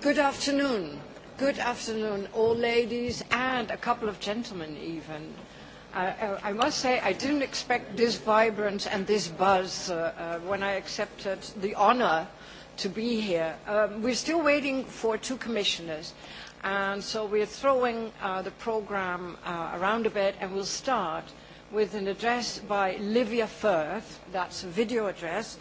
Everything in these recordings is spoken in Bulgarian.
Good afternoon. Good afternoon, all ladies and a couple of gentlemen even. I, I must say I didn't expect this vibrance and this buzz uh, uh, when I accepted the honor to be here. Um, we're still waiting for two commissioners, and so we're throwing uh, the program uh, around a bit, and we'll start with an address by Livia Firth. That's a video address.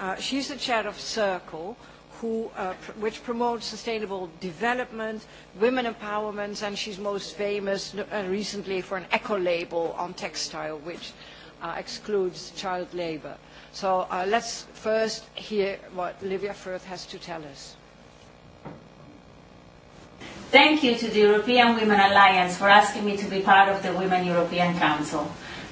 Uh, she's the chair of Circle, who, uh, pr which promotes sustainable development, women empowerment, and she's most famous uh, recently for an eco-label on textile, which uh, excludes child labor. So uh, let's first hear what Livia Firth has to tell us. Thank you to the European Women Alliance for asking me to be part of the Women European Council.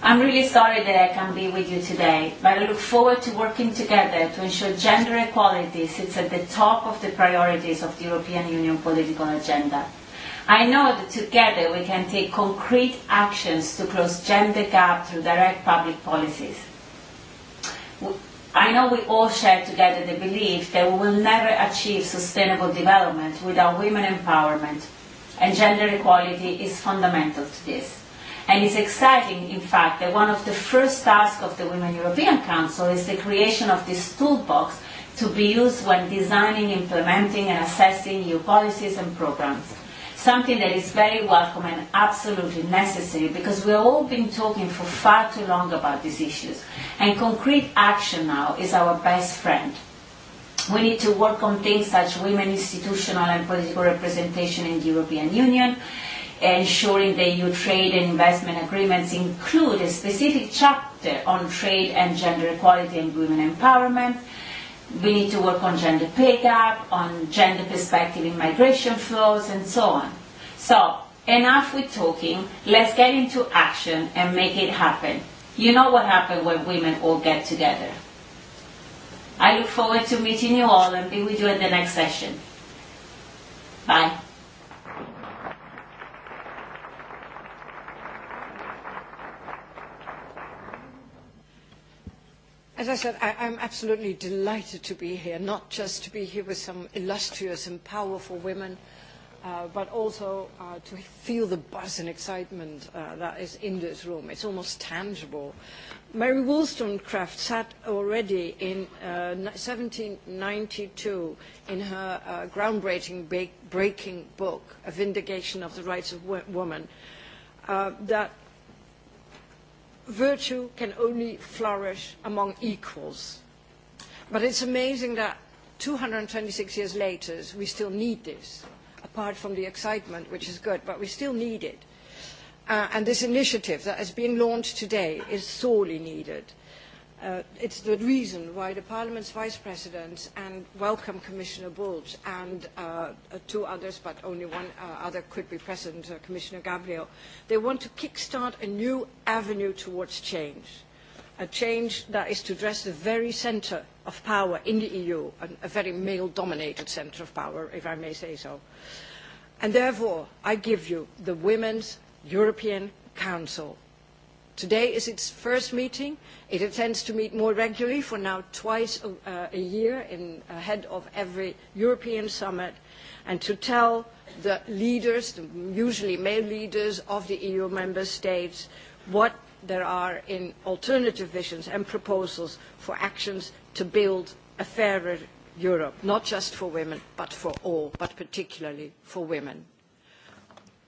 I'm really sorry that I can't be with you today, but I look forward to working together to ensure gender equality sits at the top of the priorities of the European Union political agenda. I know that together we can take concrete actions to close gender gap through direct public policies. I know we all share together the belief that we will never achieve sustainable development without women empowerment, and gender equality is fundamental to this. And it's exciting, in fact, that one of the first tasks of the Women European Council is the creation of this toolbox to be used when designing, implementing, and assessing new policies and programs. Something that is very welcome and absolutely necessary because we've all been talking for far too long about these issues. And concrete action now is our best friend. We need to work on things such as women institutional and political representation in the European Union, ensuring the EU trade and investment agreements include a specific chapter on trade and gender equality and women empowerment. We need to work on gender pay gap, on gender perspective in migration flows, and so on. So, enough with talking, let's get into action and make it happen. You know what happens when women all get together. I look forward to meeting you all and be with you at the next session. Bye. As I said, I, I'm absolutely delighted to be here, not just to be here with some illustrious and powerful women, uh, but also uh, to feel the buzz and excitement uh, that is in this room. It's almost tangible. Mary Wollstonecraft sat already in uh, 1792 in her uh, groundbreaking breaking book, A Vindication of the Rights of Woman, uh, that virtue can only flourish among equals. But it's amazing that 226 years later, we still need this, apart from the excitement, which is good, but we still need it. Uh, and this initiative that is being launched today is sorely needed uh, it's the reason why the Parliament's Vice President and welcome Commissioner Bulge and uh, two others, but only one uh, other could be present, uh, Commissioner Gabriel, they want to kickstart a new avenue towards change, a change that is to address the very centre of power in the EU, and a very male-dominated centre of power, if I may say so. And therefore, I give you the Women's European Council – Today is its first meeting. It intends to meet more regularly for now twice a, year in ahead of every European summit and to tell the leaders, the usually male leaders of the EU member states, what there are in alternative visions and proposals for actions to build a fairer Europe, not just for women, but for all, but particularly for women.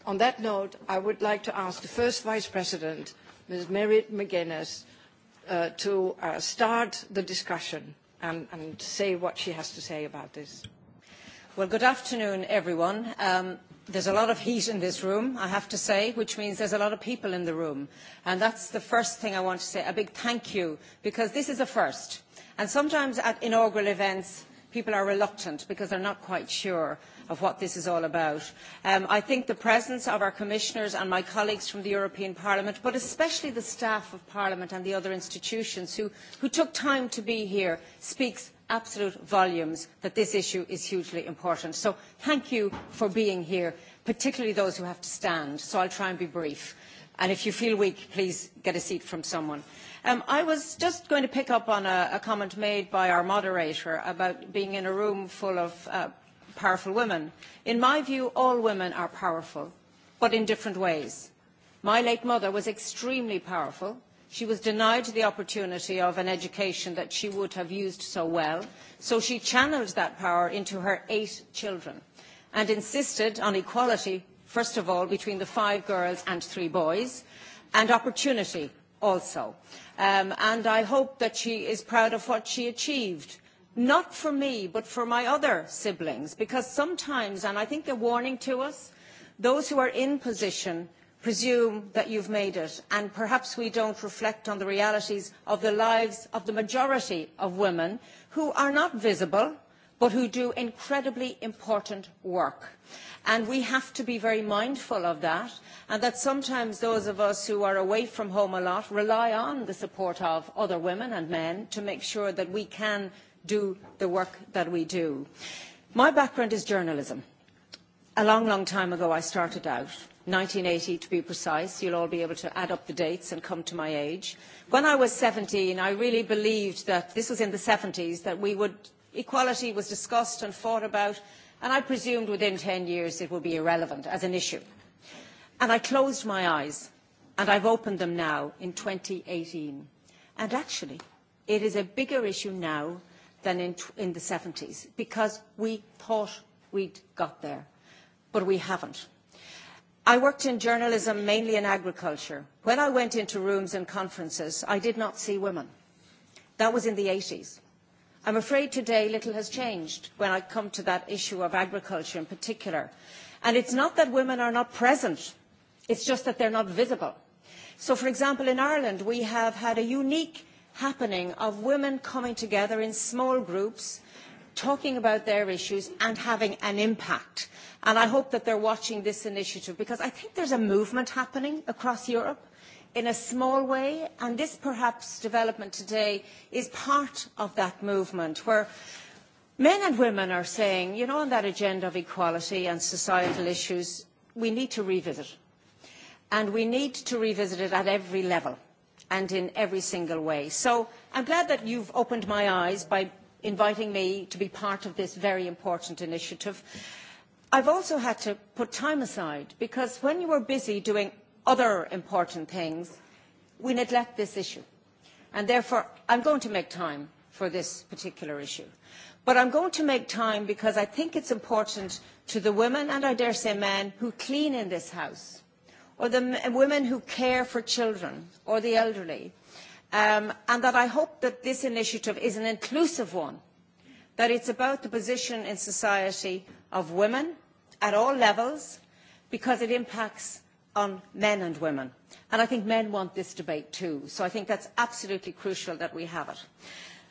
On that note, I would like to ask the first Vice President Ms. Merit McGuinness to start the discussion and, and say what she has to say about this. Well, good afternoon, everyone. Um, there's a lot of heat in this room, I have to say, which means there's a lot of people in the room. And that's the first thing I want to say, a big thank you, because this is a first. And sometimes at inaugural events, people are reluctant because they're not quite sure of what this is all about. I think the presence of our commissioners and my colleagues from the European Parliament, but especially the staff of Parliament and the other institutions who, who took time to be here, speaks absolute volumes that this issue is hugely important. So thank you for being here, particularly those who have to stand. So I'll try and be brief. And if you feel weak, please get a seat from someone. I was just going to pick up on a, comment made by our moderator about being in a room full of powerful women. In my view, all women are powerful, but in different ways. My late mother was extremely powerful. She was denied the opportunity of an education that she would have used so well, so she channelled that power into her eight children and insisted on equality, first of all, between the five girls and three boys, and opportunity also. and I hope that she is proud of what she achieved not for me, but for my other siblings, because sometimes, and I think a warning to us, those who are in position presume that you've made it, and perhaps we don't reflect on the realities of the lives of the majority of women who are not visible, but who do incredibly important work. And we have to be very mindful of that, and that sometimes those of us who are away from home a lot rely on the support of other women and men to make sure that we can do the work that we do. My background is journalism. A long, long time ago I started out, 1980 to be precise. You'll all be able to add up the dates and come to my age. When I was 17, I really believed that, this was in the 70s, that we would, equality was discussed and fought about, and I presumed within 10 years it would be irrelevant as an issue. And I closed my eyes, and I've opened them now in 2018. And actually, it is a bigger issue now than in, in the 70s because we thought we'd got there, but we haven't. I worked in journalism, mainly in agriculture. When I went into rooms and conferences, I did not see women. That was in the 80s. I'm afraid today little has changed when I come to that issue of agriculture in particular. And it's not that women are not present, it's just that they're not visible. So, for example, in Ireland, we have had a unique happening of women coming together in small groups, talking about their issues and having an impact. And I hope that they're watching this initiative because I think there's a movement happening across Europe in a small way, and this perhaps development today is part of that movement where men and women are saying, you know, on that agenda of equality and societal issues, we need to revisit. And we need to revisit it at every level and in every single way. So I'm glad that you've opened my eyes by inviting me to be part of this very important initiative. I've also had to put time aside because when you are busy doing other important things, we neglect this issue. And therefore, I'm going to make time for this particular issue. But I'm going to make time because I think it's important to the women, and I dare say men, who clean in this house or the women who care for children or the elderly. Um, and that I hope that this initiative is an inclusive one, that it's about the position in society of women at all levels, because it impacts on men and women. And I think men want this debate too. So I think that's absolutely crucial that we have it.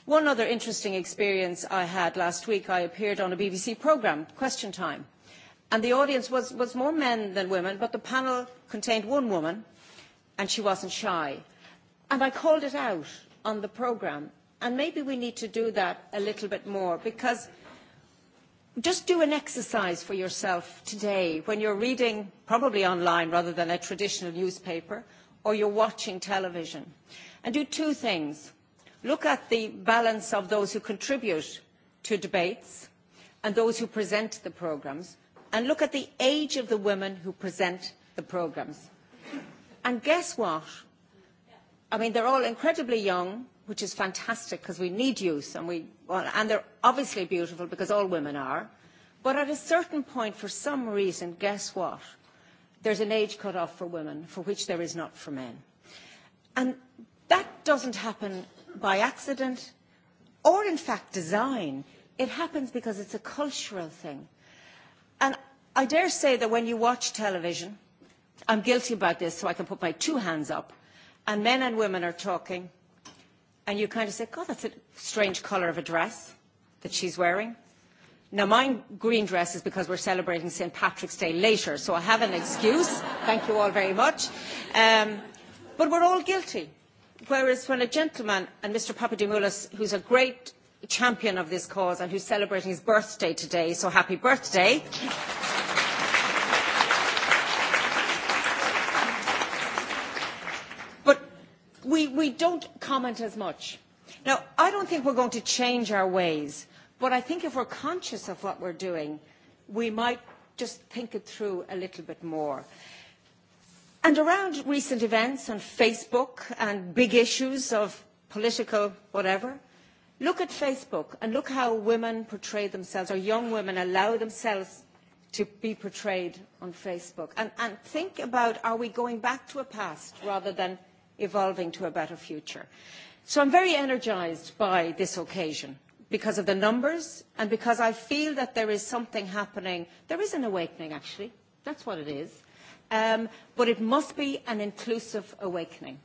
One other interesting experience I had last week, I appeared on a BBC programme, Question Time, And the audience was, was more men than women, but the panel contained one woman, and she wasn't shy. And I called it out on the programme. And maybe we need to do that a little bit more, because just do an exercise for yourself today when you're reading, probably online rather than a traditional newspaper, or you're watching television. And do two things. Look at the balance of those who contribute to debates and those who present the programmes and look at the age of the women who present the programmes. And guess what? I mean, they're all incredibly young, which is fantastic because we need youth and, we, well, and they're obviously beautiful because all women are. But at a certain point, for some reason, guess what? There's an age cut off for women for which there is not for men. And that doesn't happen by accident or in fact design. It happens because it's a cultural thing And I dare say that when you watch television, I'm guilty about this, so I can put my two hands up, and men and women are talking, and you kind of say, God, that's a strange colour of a dress that she's wearing. Now, my green dress is because we're celebrating St. Patrick's Day later, so I have an excuse. Thank you all very much. Um, but we're all guilty. Whereas when a gentleman, and Mr. Papadimoulis, who's a great champion of this cause and who is celebrating his birthday today. So happy birthday. But we, we don't comment as much. Now, I don't think we're going to change our ways, but I think if we're conscious of what we're doing, we might just think it through a little bit more. And around recent events on Facebook and big issues of political whatever, Look at Facebook and look how women portray themselves, or young women allow themselves to be portrayed on Facebook. And, and think about are we going back to a past rather than evolving to a better future? So I'm very energised by this occasion because of the numbers and because I feel that there is something happening. There is an awakening, actually. That's what it is. Um, but it must be an inclusive awakening.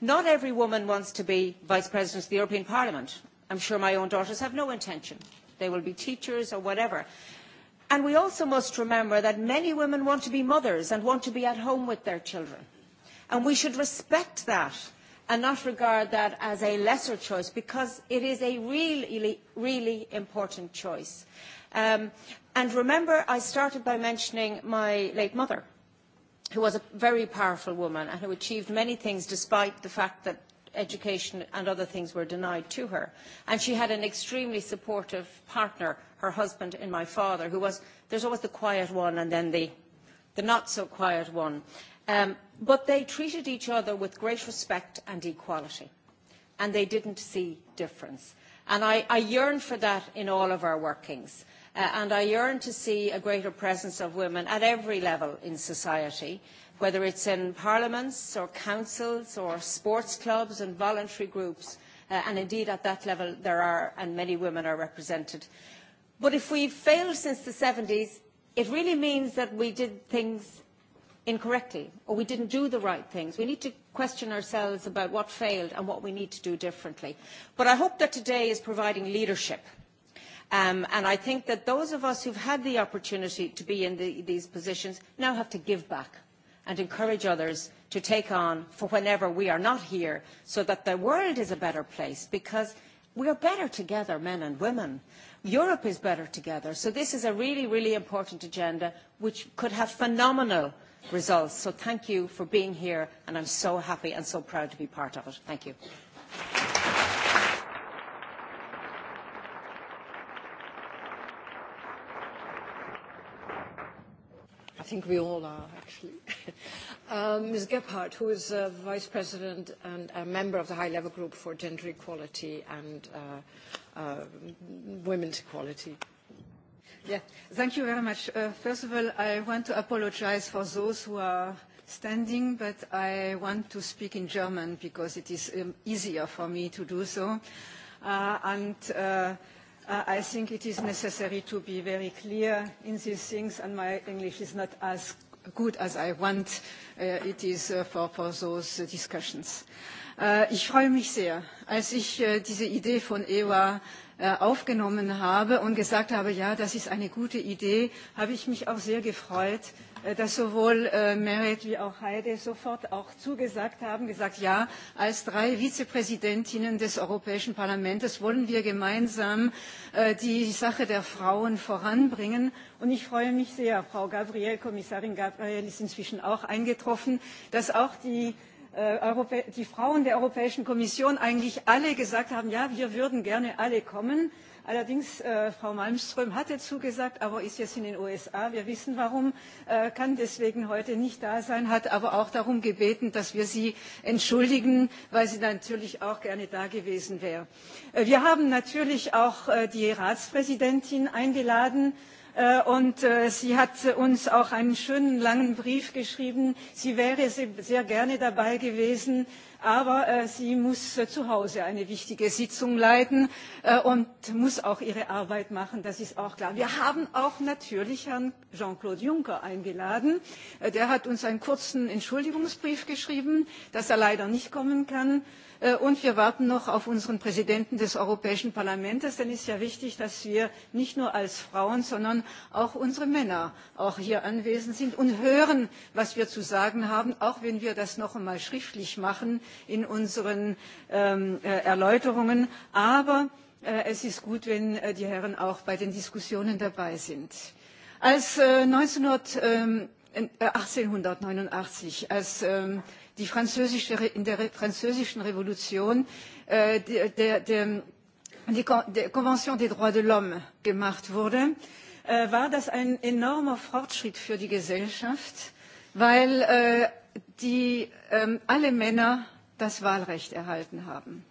Not every woman wants to be Vice President of the European Parliament I'm sure my own daughters have no intention. They will be teachers or whatever. And we also must remember that many women want to be mothers and want to be at home with their children. And we should respect that and not regard that as a lesser choice because it is a really, really important choice. Um, and remember, I started by mentioning my late mother, who was a very powerful woman and who achieved many things despite the fact that education and other things were denied to her. And she had an extremely supportive partner, her husband and my father, who was, there's always the quiet one and then the, the not so quiet one. Um, but they treated each other with great respect and equality. And they didn't see difference. And I, I yearn for that in all of our workings. Uh, and I yearn to see a greater presence of women at every level in society whether it is in parliaments or councils or sports clubs and voluntary groups. and indeed at that level there are, and many women are represented. But if we failed since the 70s, it really means that we did things incorrectly or we didn't do the right things. We need to question ourselves about what failed and what we need to do differently. But I hope that today is providing leadership. Um, and I think that those of us who've had the opportunity to be in the, these positions now have to give back and encourage others to take on for whenever we are not here so that the world is a better place because we are better together, men and women. Europe is better together. So this is a really, really important agenda which could have phenomenal results. So thank you for being here and I'm so happy and so proud to be part of it. Thank you. think we all are, actually. um, Ms. Gebhardt, who is uh, Vice President and a member of the High Level Group for Gender Equality and uh, uh, Women's Equality. Yeah, thank you very much. Uh, first of all, I want to apologize for those who are standing, but I want to speak in German because it is um, easier for me to do so. Uh, and uh, I think it is necessary to be very clear in these things, and my English is not as good as I want. it is for, those discussions. ich freue mich sehr, als ich diese Idee von EWA aufgenommen habe und gesagt habe, ja, das ist eine gute Idee, habe ich mich auch sehr gefreut, dass sowohl Meret wie auch Heide sofort auch zugesagt haben, gesagt, ja, als drei Vizepräsidentinnen des Europäischen Parlaments wollen wir gemeinsam die Sache der Frauen voranbringen. Und ich freue mich sehr, Frau Gabriel, Kommissarin Gabriel ist inzwischen auch eingetroffen, dass auch die die Frauen der Europäischen Kommission eigentlich alle gesagt haben, ja, wir würden gerne alle kommen Allerdings, Frau Malmström hatte zugesagt, aber ist jetzt in den USA. Wir wissen warum, kann deswegen heute nicht da sein, hat aber auch darum gebeten, dass wir sie entschuldigen, weil sie natürlich auch gerne da gewesen wäre. Wir haben natürlich auch die Ratspräsidentin eingeladen und sie hat uns auch einen schönen langen Brief geschrieben. Sie wäre sehr gerne dabei gewesen aber sie muss zu Hause eine wichtige Sitzung leiten und muss auch ihre Arbeit machen, das ist auch klar. Wir haben auch natürlich Herrn Jean-Claude Juncker eingeladen. Der hat uns einen kurzen Entschuldigungsbrief geschrieben, dass er leider nicht kommen kann Und wir warten noch auf unseren Präsidenten des Europäischen Parlaments, denn es ist ja wichtig, dass wir nicht nur als Frauen, sondern auch unsere Männer auch hier anwesend sind und hören, was wir zu sagen haben, auch wenn wir das noch einmal schriftlich machen in unseren Erläuterungen. Aber es ist gut, wenn die Herren auch bei den Diskussionen dabei sind. Als 1989, als die französische, in der französischen Revolution äh, der, der, der, die des droits de l'homme gemacht wurde, äh, war das ein enormer Fortschritt für die Gesellschaft, weil äh, die, äh, alle Männer das Wahlrecht erhalten haben.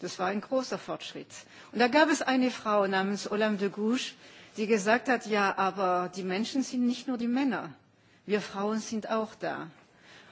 Das war ein großer Fortschritt. Und da gab es eine Frau namens Olam de Gouche, die gesagt hat, ja, aber die Menschen sind nicht nur die Männer. Wir Frauen sind auch da.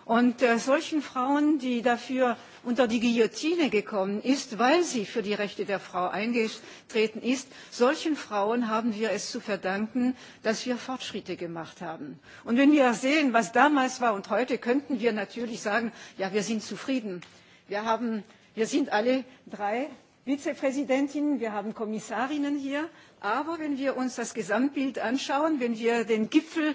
Und solchen Frauen, die dafür unter die Guillotine gekommen ist, weil sie für die Rechte der Frau eingetreten ist, solchen Frauen haben wir es zu verdanken, dass wir Fortschritte gemacht haben. Und wenn wir sehen, was damals war und heute, könnten wir natürlich sagen, ja, wir sind zufrieden. Wir, haben, wir sind alle drei Vizepräsidentinnen, wir haben Kommissarinnen hier. Aber wenn wir uns das Gesamtbild anschauen, wenn wir den Gipfel,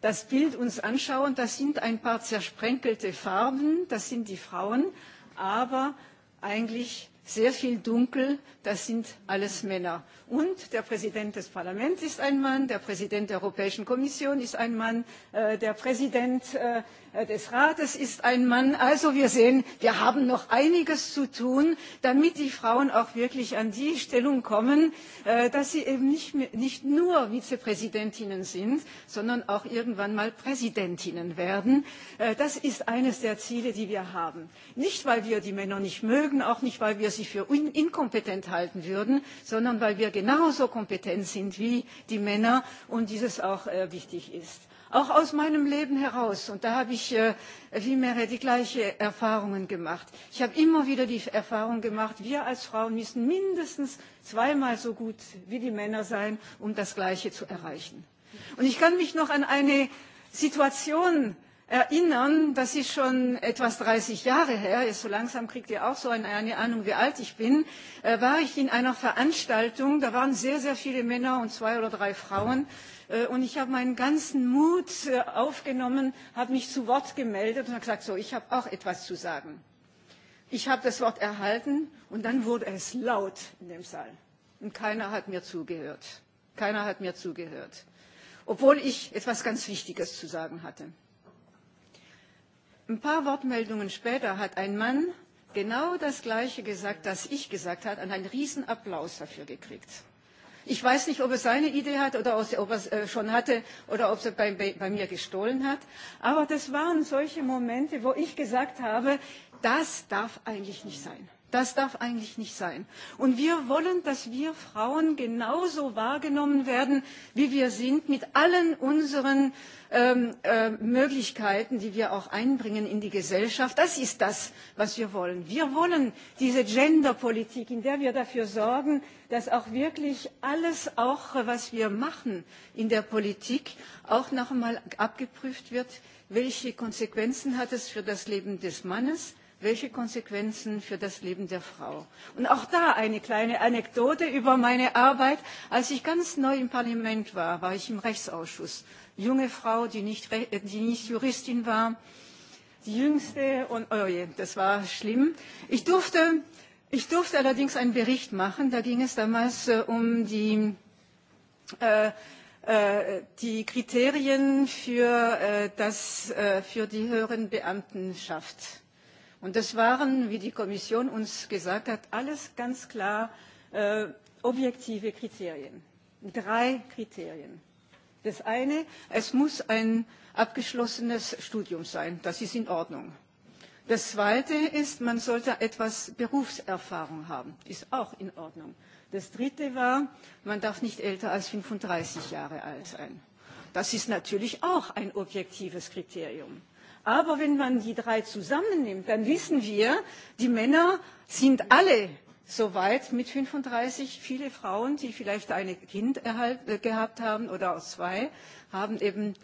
das Bild uns anschauen, das sind ein paar zersprenkelte Farben, das sind die Frauen, aber eigentlich sehr viel dunkel, das sind alles Männer. Und der Präsident des Parlaments ist ein Mann, der Präsident der Europäischen Kommission ist ein Mann, der Präsident des rates ist ein mann. also wir sehen wir haben noch einiges zu tun damit die frauen auch wirklich an die stellung kommen dass sie eben nicht nur vizepräsidentinnen sind sondern auch irgendwann mal präsidentinnen werden. das ist eines der ziele die wir haben. nicht weil wir die männer nicht mögen auch nicht weil wir sie für inkompetent halten würden sondern weil wir genauso kompetent sind wie die männer und dies auch wichtig ist auch aus meinem leben heraus und da habe ich wie meret die gleichen erfahrungen gemacht ich habe immer wieder die erfahrung gemacht wir als frauen müssen mindestens zweimal so gut wie die männer sein um das gleiche zu erreichen. und ich kann mich noch an eine situation erinnern das ist schon etwas dreißig jahre her so langsam kriegt ihr auch so eine ahnung wie alt ich bin war ich in einer veranstaltung da waren sehr sehr viele männer und zwei oder drei frauen Und ich habe meinen ganzen Mut aufgenommen, habe mich zu Wort gemeldet und gesagt, so, ich habe auch etwas zu sagen. Ich habe das Wort erhalten und dann wurde es laut in dem Saal. Und keiner hat mir zugehört. Keiner hat mir zugehört. Obwohl ich etwas ganz Wichtiges zu sagen hatte. Ein paar Wortmeldungen später hat ein Mann genau das Gleiche gesagt, das ich gesagt habe, und einen Riesenapplaus dafür gekriegt. Ich weiß nicht, ob er seine Idee hat oder ob er sie schon hatte oder ob er sie bei mir gestohlen hat. Aber das waren solche Momente, wo ich gesagt habe, das darf eigentlich nicht sein. Das darf eigentlich nicht sein. Und wir wollen, dass wir Frauen genauso wahrgenommen werden, wie wir sind, mit allen unseren Möglichkeiten, die wir auch einbringen in die Gesellschaft. Das ist das, was wir wollen. Wir wollen diese Genderpolitik, in der wir dafür sorgen, dass auch wirklich alles, was wir machen in der Politik, auch noch einmal abgeprüft wird, welche Konsequenzen hat es für das Leben des Mannes, welche Konsequenzen für das Leben der Frau. Und auch da eine kleine Anekdote über meine Arbeit. Als ich ganz neu im Parlament war, war ich im Rechtsausschuss. Junge Frau, die nicht, die nicht Juristin war, die jüngste und oh je, das war schlimm. Ich durfte, ich durfte allerdings einen Bericht machen. Da ging es damals um die äh, die Kriterien für, das, für die höheren Beamtenschaft Und das waren, wie die Kommission uns gesagt hat, alles ganz klar objektive Kriterien. Drei Kriterien. Das eine, es muss ein abgeschlossenes Studium sein. Das ist in Ordnung. Das zweite ist, man sollte etwas Berufserfahrung haben. Ist auch in Ordnung. Das dritte war, man darf nicht älter als 35 Jahre alt sein. Das ist natürlich auch ein objektives Kriterium. Aber wenn man die drei zusammennimmt, dann wissen wir, die Männer sind alle soweit mit 35. Viele Frauen, die vielleicht ein Kind gehabt haben oder auch zwei, haben eben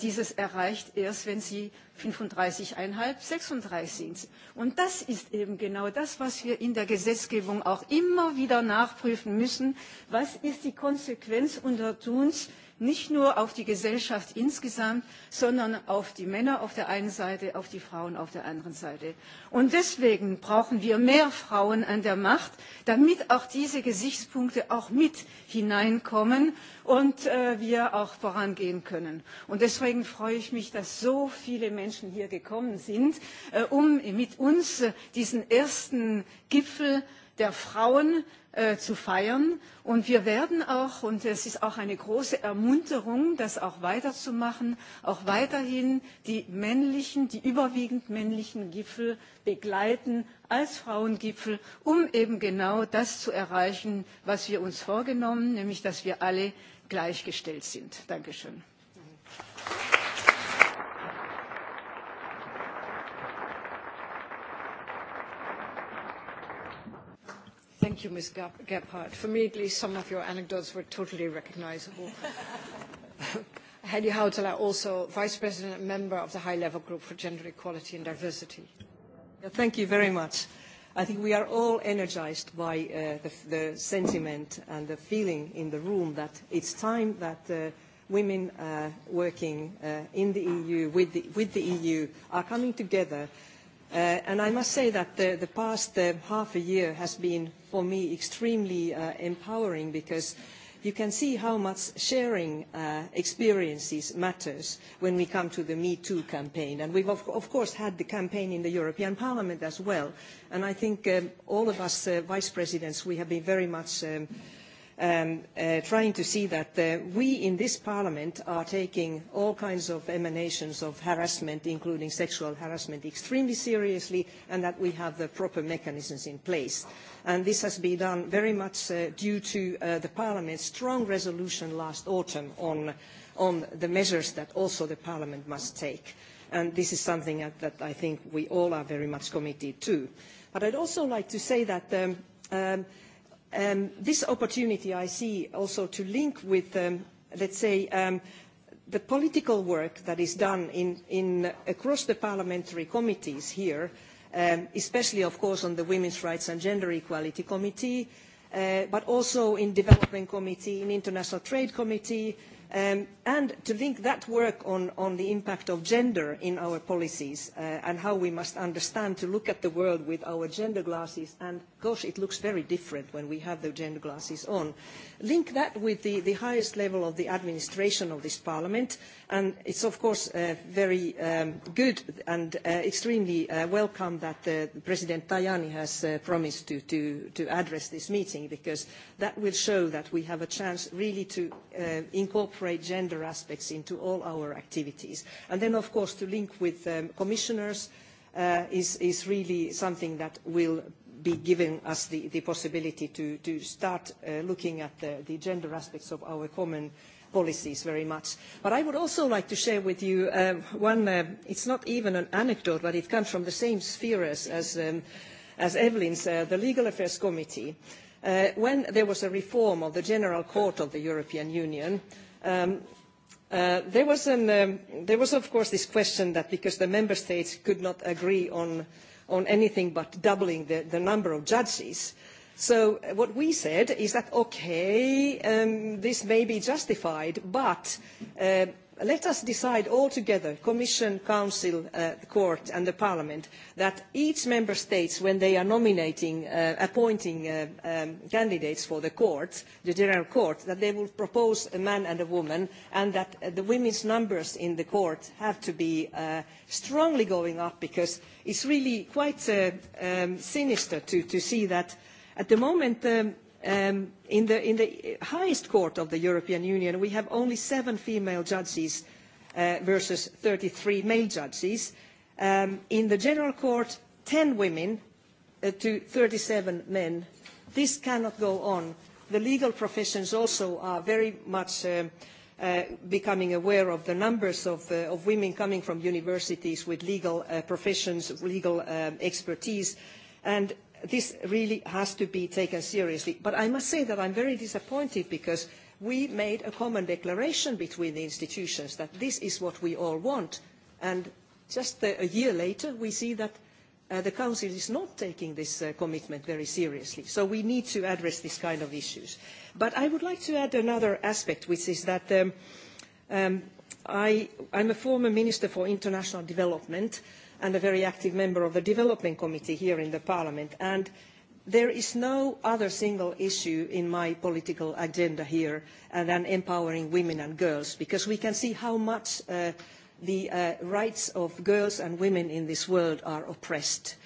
dieses erreicht erst, wenn sie 35,5, 36 sind. Und das ist eben genau das, was wir in der Gesetzgebung auch immer wieder nachprüfen müssen. Was ist die Konsequenz unter Tuns nicht nur auf die Gesellschaft insgesamt, sondern auf die Männer auf der einen Seite, auf die Frauen auf der anderen Seite. Und deswegen brauchen wir mehr Frauen an der Macht, damit auch diese Gesichtspunkte auch mit hineinkommen und wir auch vorangehen können. Und deswegen freue ich mich, dass so viele Menschen hier gekommen sind, um mit uns diesen ersten Gipfel der Frauen zu feiern. Und wir werden auch, und es ist auch eine große Ermunterung, das auch weiterzumachen, auch weiterhin die männlichen, die überwiegend männlichen Gipfel begleiten als Frauengipfel, um eben genau das zu erreichen, was wir uns vorgenommen, nämlich dass wir alle gleichgestellt sind. Dankeschön. Thank you, Ms. Gephardt. For me, at least, some of your anecdotes were totally recognizable. Heidi Hautala, also Vice President and member of the High Level Group for Gender Equality and Diversity. Thank you very much. I think we are all energized by the, sentiment and the feeling in the room that it's time that women working in the EU, with the with the, EU, are coming together and I must say that the, past uh, half a year has been for me extremely uh, empowering because you can see how much sharing uh, experiences matters when we come to the Me Too campaign. And we've, of, of course, had the campaign in the European Parliament as well. And I think all of us vice presidents, we have been very much trying to see that we in this parliament are taking all kinds of emanations of harassment, including sexual harassment, extremely seriously, and that we have the proper mechanisms in place. This has been done very much due to parliament's strong resolution last autumn on the measures that also the parliament must take. This is something that I think we all are very much committed to. But I'd also like to say that this opportunity I see also to link with, um, let's say, the political work that is done across the parliamentary committees here, especially, of course, on the Women's Rights and Gender Equality Committee, but also in Development Committee, in International Trade Committee, and to link that work on, the impact of gender in our policies and how we must understand to look at the world with our gender glasses. And gosh, it looks very different when we have the gender glasses on link that with the, the highest level of the administration of this parliament, and it's of course uh, very um, good and uh, extremely uh, welcome that uh, President Tajani has uh, promised to, to, to address this meeting because that will show that we have a chance really to uh, incorporate gender aspects into all our activities. And then of course to link with um, commissioners, is, is really something that will be giving us the, the possibility to, to start uh, looking at the, the gender aspects of our common policies very much. But I would also like to share with you um, one, uh, it's not even an anecdote, but it comes from the same sphere as, as, um, as Evelyn's, uh, the Legal Affairs Committee. Uh, when there was a reform of the General Court of the European Union, um, uh, there, was an, um, there was of course this question that because the member states could not agree on uh, on anything but doubling the, the number of judges. So what we said is that, okay, this may be justified, but let us decide all together commission council the court and parliament that each member state when they are nominating appointing candidates for the court the general court that they will propose a man and a woman and that the women's numbers in the court have to be strongly going up because it is really quite sinister to see that at the moment the in, the, highest court of the European Union, we have only seven female judges versus thirty three male judges. in the General Court, ten women to thirty seven men. This cannot go on. The legal professions also are very much becoming aware of the numbers of, women coming from universities with legal professions, legal expertise, and this really has to be taken seriously. But I must say that I am very disappointed because we made a common declaration between the institutions that this is what we all want. And just a year later, we see that the Council is not taking this commitment very seriously. So we need to address these kind of issues. But I would like to add another aspect, which is that I am a former Minister for International Development, uh, and a very active member of the Development Committee here in Parliament. And there is no other single issue in my political agenda here than empowering women and girls, because we can see how much the rights of girls and women in this world are oppressed.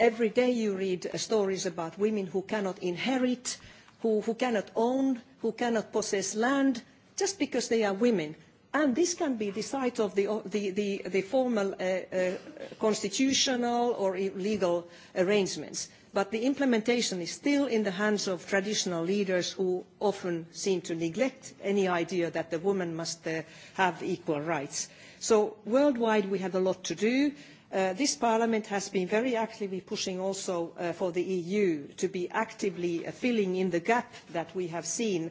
every day you read stories about women who cannot inherit, who, cannot own, who cannot possess land, just because they are women And this can be the site of the, the, the, the formal uh, uh, constitutional or legal arrangements. But the implementation is still in the hands of traditional leaders who often seem to neglect any idea that the woman must uh, have equal rights. So worldwide we have a lot to do. Uh, this parliament has been very actively pushing also uh, for the EU to be actively uh, filling in the gap that we have seen uh,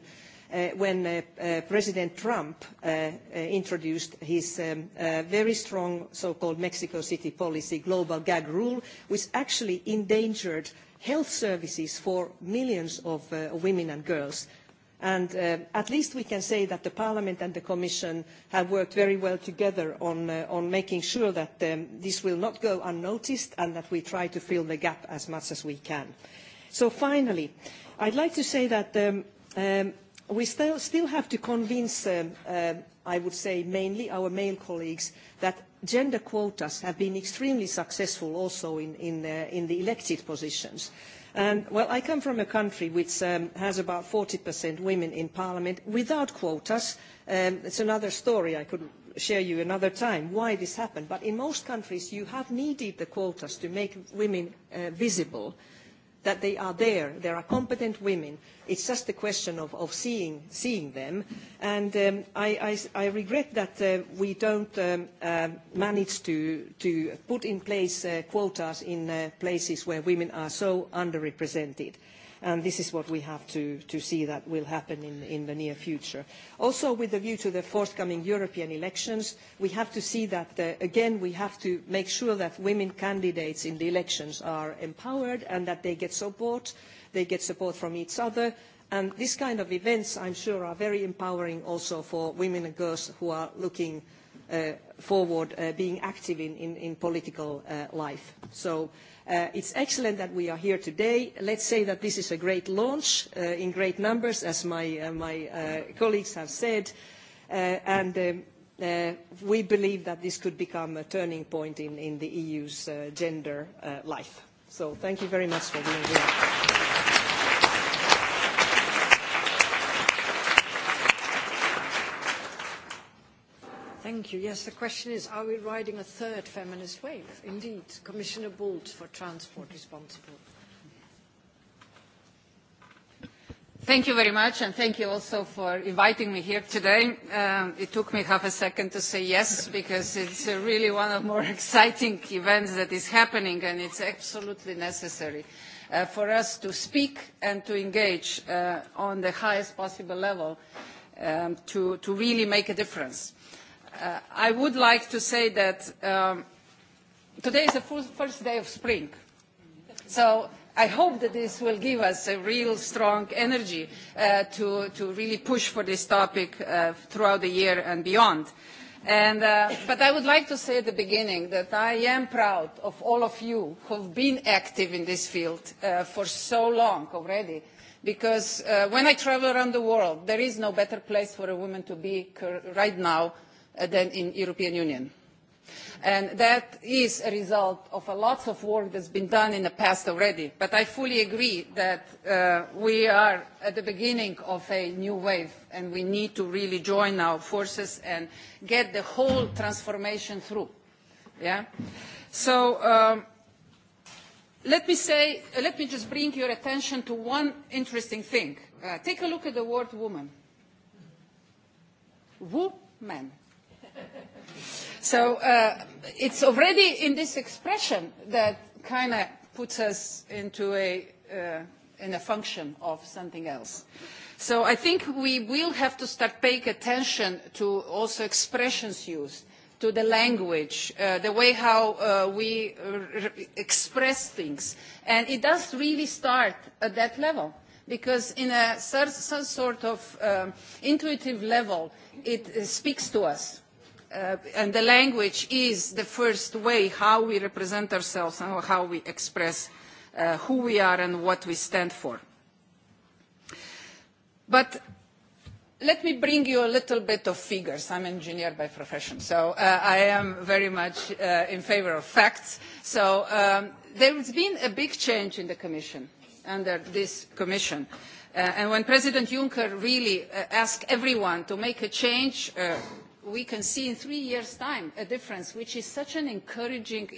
when President Trump introduced his very strong so-called Mexico City policy global gag rule, which actually endangered health services for millions of women and girls. And at least we can say that Parliament and the Commission have worked very well together on, making sure that this will not go unnoticed and that we try to fill the gap as much as we can. So finally, I would like to say that we still, still have to convince, I would say, mainly our male colleagues that gender quotas have been extremely successful also in, in, in the elected positions. And, well, I come from a country which has about 40% women in parliament without quotas. Um, it's another story. I could share you another time why this happened. But in most countries, you have needed the quotas to make women visible. Uh, that they are there. There are competent women. It's just a question of, of seeing, seeing them. And um, I, I, I regret that uh, we don't um, uh, manage to, to put in place uh, quotas in uh, places where women are so underrepresented and this is what we have to, to see that will happen in, in the near future. Also, with a view to the forthcoming European elections, we have to see that, again, we have to make sure that women candidates in the elections are empowered and that they get support, they get support from each other, and these kind of events, I'm sure, are very empowering also for women and girls who are looking forward, being active in, in, in political life. So It is excellent that we are here today. Let us say that this is a great launch in great numbers, as my colleagues have said. And we believe that this could become a turning point in the EU's gender life. So thank you very much for being here. Thank you. Yes, the question is, are we riding a third feminist wave? Indeed, Commissioner Bolt for Transport responsible. Thank you very much, and thank you also for inviting me here today. Um, it took me half a second to say yes, because it's uh, really one of the more exciting events that is happening, and it's absolutely necessary uh, for us to speak and to engage uh, on the highest possible level um, to, to really make a difference I would like to say that um, today is the first day of spring. So I hope that this will give us a real strong energy uh, to, to really push for this topic uh, throughout the year and beyond. And, uh, but I would like to say at the beginning that I am proud of all of you who have been active in this field uh, for so long already because uh, when I travel around the world, there is no better place for a woman to be right now than in the European Union. And that is a result of a lot of work that has been done in the past already. But I fully agree that we are at the beginning of a new wave and we need to really join our forces and get the whole transformation through. Yeah? So let me say, let me just bring your attention to one interesting thing. take a look at the word woman. Woman So uh, it's already in this expression that kind of puts us into a, uh, in a function of something else. So I think we will have to start paying attention to also expressions used, to the language, uh, the way how uh, we r express things. And it does really start at that level because in a some sort of um, intuitive level, it speaks to us and the language is the first way how we represent ourselves and how we express who we are and what we stand for. But let me bring you a little bit of figures. I'm an engineer by profession, so uh, I am very much uh, in favor of facts. So um, has been a big change in the Commission, under this Commission. Uh, and when President Juncker really uh, asked everyone to make a change, uh, we can see in three years' time a difference, which is such an encouraging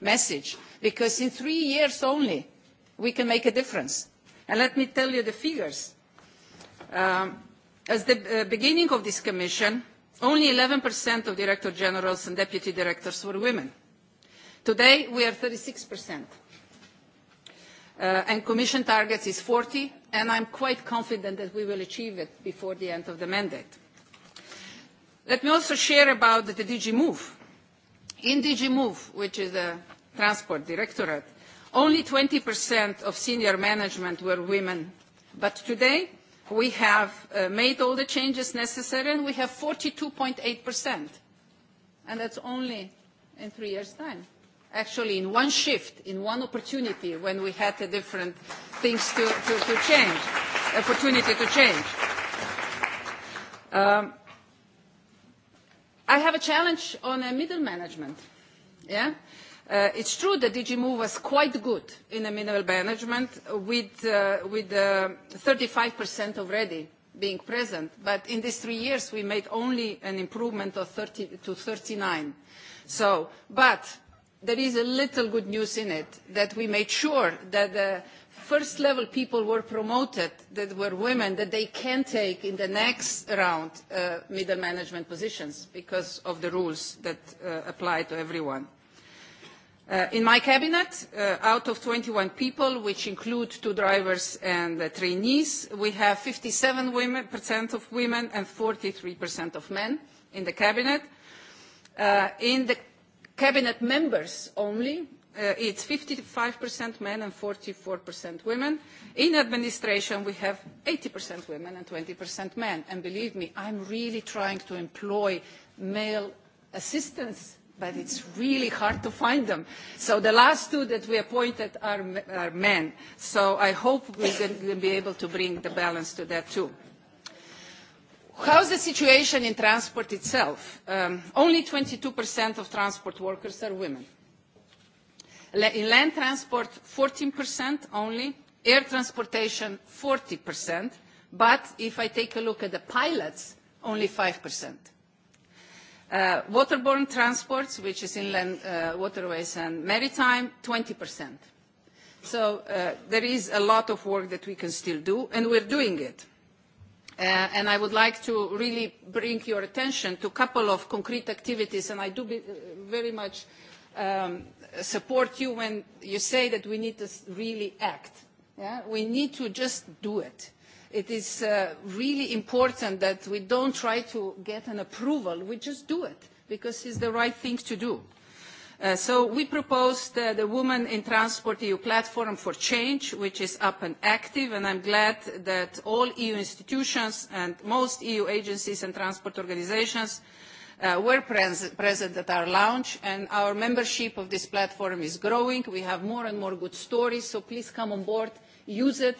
message, because in three years only we can make a difference. And let me tell you the figures. At the beginning of this commission, only 11% of director generals and deputy directors were women. Today, we are 36%. And commission targets is 40, and I'm quite confident that we will achieve it before the end of the mandate. Let me also share about the DG Move. In DG Move, which is the Transport Directorate, only 20% of senior management were women. But today, we have made all the changes necessary, and we have 42.8%. And that's only in three years' time. Actually, in one shift, in one opportunity, when we had the different things to, to, to change, opportunity to change. Um, I have a challenge on uh, middle management. Yeah? Uh, it's true that DG Move was quite good in the middle management with, uh, with uh, 35% already being present, but in these three years we made only an improvement of 30 to 39. So, but there is a little good news in it that we made sure that the first level people were promoted that were women that they can take in the next round middle management positions because of the rules that apply to everyone. in my cabinet, out of twenty one people, which include two drivers and trainees, we have fifty seven percent of women and forty three of men in the cabinet. in the cabinet members only, it's 55% men and 44% women. In administration, we have 80% women and 20% men. And believe me, I'm really trying to employ male assistants, but it's really hard to find them. So the last two that we appointed are, are men. So I hope we can be able to bring the balance to that too. How's the situation in transport itself? Um, only 22% of transport workers are women in land transport 14% only, air transportation 40%, but if I take a look at the pilots, only 5%. Uh, waterborne transports, which is inland waterways and maritime, 20%. So there is a lot of work that we can still do, and we're doing it. and I would like to really bring your attention to a couple of concrete activities, and I do be, very much um, support you when you say that we need to really act. Yeah? We need to just do it. It is uh, really important that we don't try to get an approval. We just do it because it's the right thing to do. Uh, so we proposed uh, the Women in Transport EU platform for change, which is up and active, and I'm glad that all EU institutions and most EU agencies and transport organizations uh, were present at our launch, and our membership of this platform is growing. We have more and more good stories, so please come on board, use it,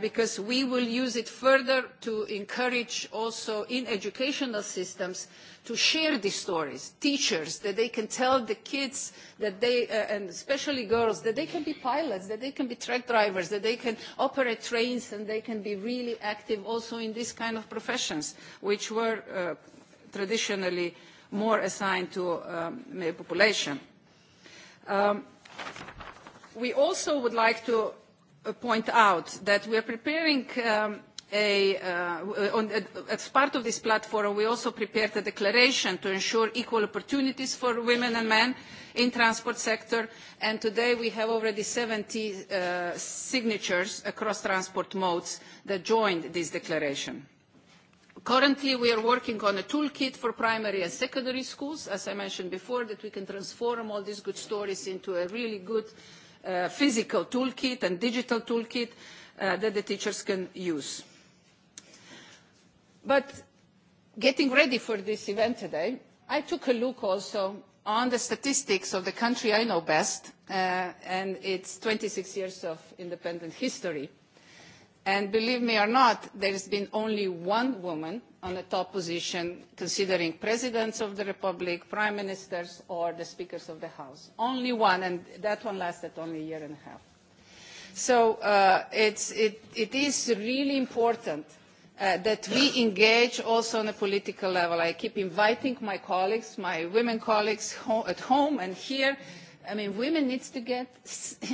because we will use it further to encourage also in educational systems to share these stories, teachers, that they can tell the kids that they, and especially girls, that they can be pilots, that they can be truck drivers, that they can operate trains, and they can be really active also in these kind of professions, which were traditionally more assigned to um, male population. Um, we also would like to point out that we are preparing um, a, uh, on, as part of this platform, we also prepared a declaration to ensure equal opportunities for women and men in transport sector. And today we have already 70 uh, signatures across transport modes that joined this declaration. Currently, we are working on a toolkit for primary and secondary schools, as I mentioned before, that we can transform all these good stories into a really good physical toolkit and digital toolkit that the teachers can use. But getting ready for this event today, I took a look also on the statistics of the country I know best, and its twenty six years of independent history – And believe me or not, there has been only one woman on a top position, considering presidents of the republic, prime ministers, or the speakers of the house. Only one, and that one lasted only a year and a half. So uh, it's, it, it is really important that we engage also on a political level. I keep inviting my colleagues, my women colleagues at home and here I mean, women need to get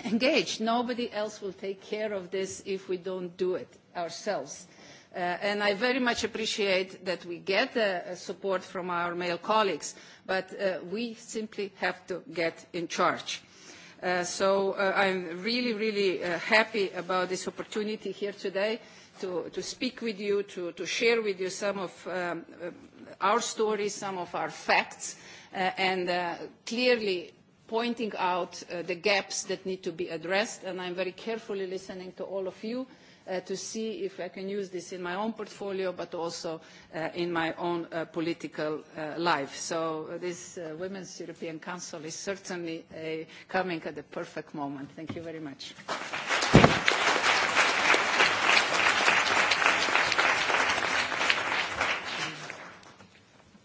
engaged. Nobody else will take care of this if we don't do it ourselves. Uh, and I very much appreciate that we get uh, support from our male colleagues, but uh, we simply have to get in charge. Uh, so uh, I'm really, really uh, happy about this opportunity here today to, to speak with you, to, to share with you some of um, our stories, some of our facts, uh, and uh, clearly pointing out the gaps that need to be addressed, and I am very carefully listening to all of you to see if I can use this in my own portfolio, but also in my own political life. So this Women's European Council is certainly coming at the perfect moment. Thank you very much.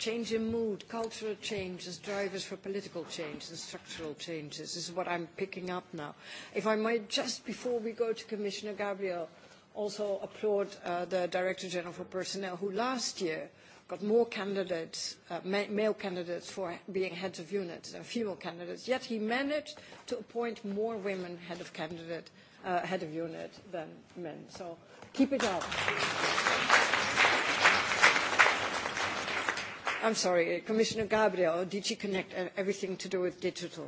change in mood, cultural change as drivers for political change and structural changes is what I'm picking up now. If I might, just before we go to Commissioner Gabriel, also applaud uh, the Director General for Personnel, who last year got more candidates, uh, male candidates for being heads of units than female candidates, yet he managed to appoint more women head of candidate, uh, head of unit than men. So keep it up. I'm sorry, Commissioner Gabriel, DG Connect, everything to do with digital.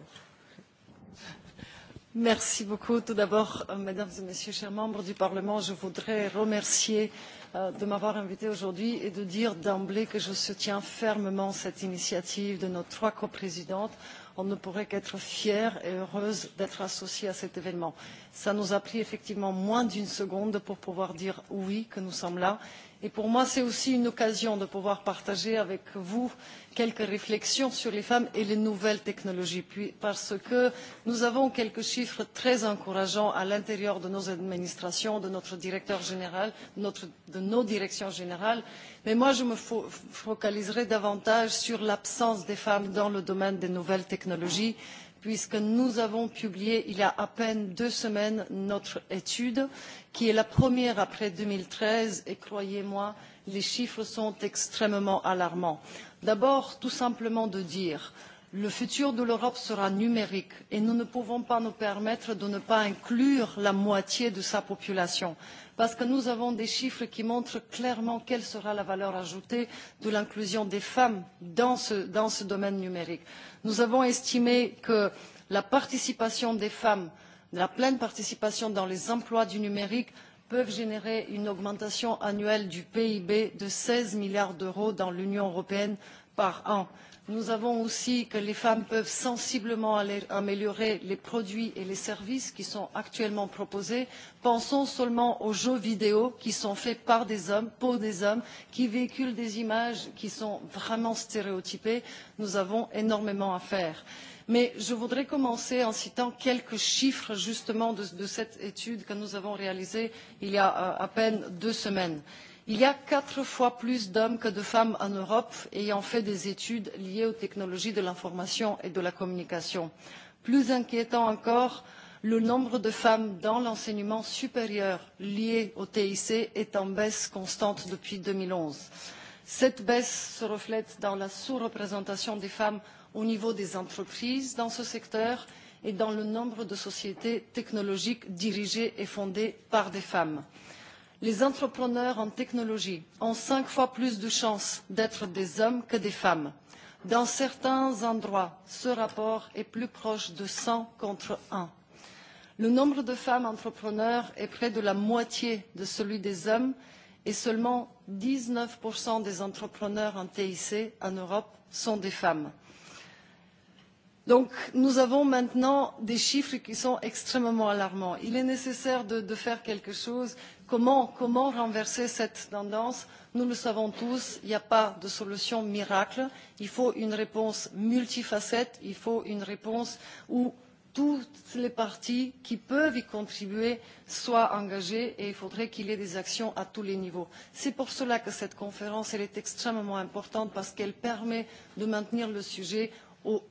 Merci beaucoup. Tout d'abord, mesdames et messieurs, chers membres du Parlement, je voudrais remercier de m'avoir invitée aujourd'hui et de dire d'emblée que je soutiens fermement cette initiative de nos trois coprésidentes. On ne pourrait qu'être fière et heureuse d'être associée à cet événement. Cela nous a pris effectivement moins d'une seconde pour pouvoir dire oui que nous sommes là Et pour moi, c'est aussi une occasion de pouvoir partager avec vous quelques réflexions sur les femmes et les nouvelles technologies, parce que nous avons quelques chiffres très encourageants à l'intérieur de nos administrations, de notre directeur général, de nos directions générales. Mais moi, je me focaliserai davantage sur l'absence des femmes dans le domaine des nouvelles technologies, puisque nous avons publié il y a à peine deux semaines notre étude qui est la première après deux mille treize et croyez moi les chiffres sont extrêmement alarmants. d'abord tout simplement de dire que le futur de l'Europe sera numérique et nous ne pouvons pas nous permettre de ne pas inclure la moitié de sa population parce que nous avons des chiffres qui montrent clairement quelle sera la valeur ajoutée de l'inclusion des femmes dans ce, domaine numérique. Nous avons estimé que la participation des femmes, la pleine participation dans les emplois du numérique peuvent générer une augmentation annuelle du PIB de seize milliards d'euros dans l'Union européenne par an Nous avons aussi que les femmes peuvent sensiblement améliorer les produits et les services qui sont actuellement proposés. Pensons seulement aux jeux vidéo qui sont faits par des hommes, pour des hommes, qui véhiculent des images qui sont vraiment stéréotypées. Nous avons énormément à faire mais je voudrais commencer en citant quelques chiffres justement de, cette étude que nous avons réalisée il y a à peine deux semaines il y a quatre fois plus d'hommes que de femmes en europe ayant fait des études liées aux technologies de l'information et de la communication. plus inquiétant encore le nombre de femmes dans l'enseignement supérieur lié au tic est en baisse constante depuis. deux mille onze cette baisse se reflète dans la sous représentation des femmes au niveau des entreprises dans ce secteur et dans le nombre de sociétés technologiques dirigées et fondées par des femmes les entrepreneurs en technologie ont cinq fois plus de chances d'être des hommes que des femmes. Dans certains endroits, ce rapport est plus proche de cent contre un. Le nombre de femmes entrepreneurs est près de la moitié de celui des hommes et seulement dix neuf des entrepreneurs en TIC en Europe sont des femmes. Donc nous avons maintenant des chiffres qui sont extrêmement alarmants. Il est nécessaire de, faire quelque chose. Comment, comment renverser cette tendance Nous le savons tous, il n'y a pas de solution miracle. Il faut une réponse multifacette, il faut une réponse où toutes les parties qui peuvent y contribuer soient engagées et il faudrait qu'il y ait des actions à tous les niveaux. C'est pour cela que cette conférence est extrêmement importante parce qu'elle permet de maintenir le sujet au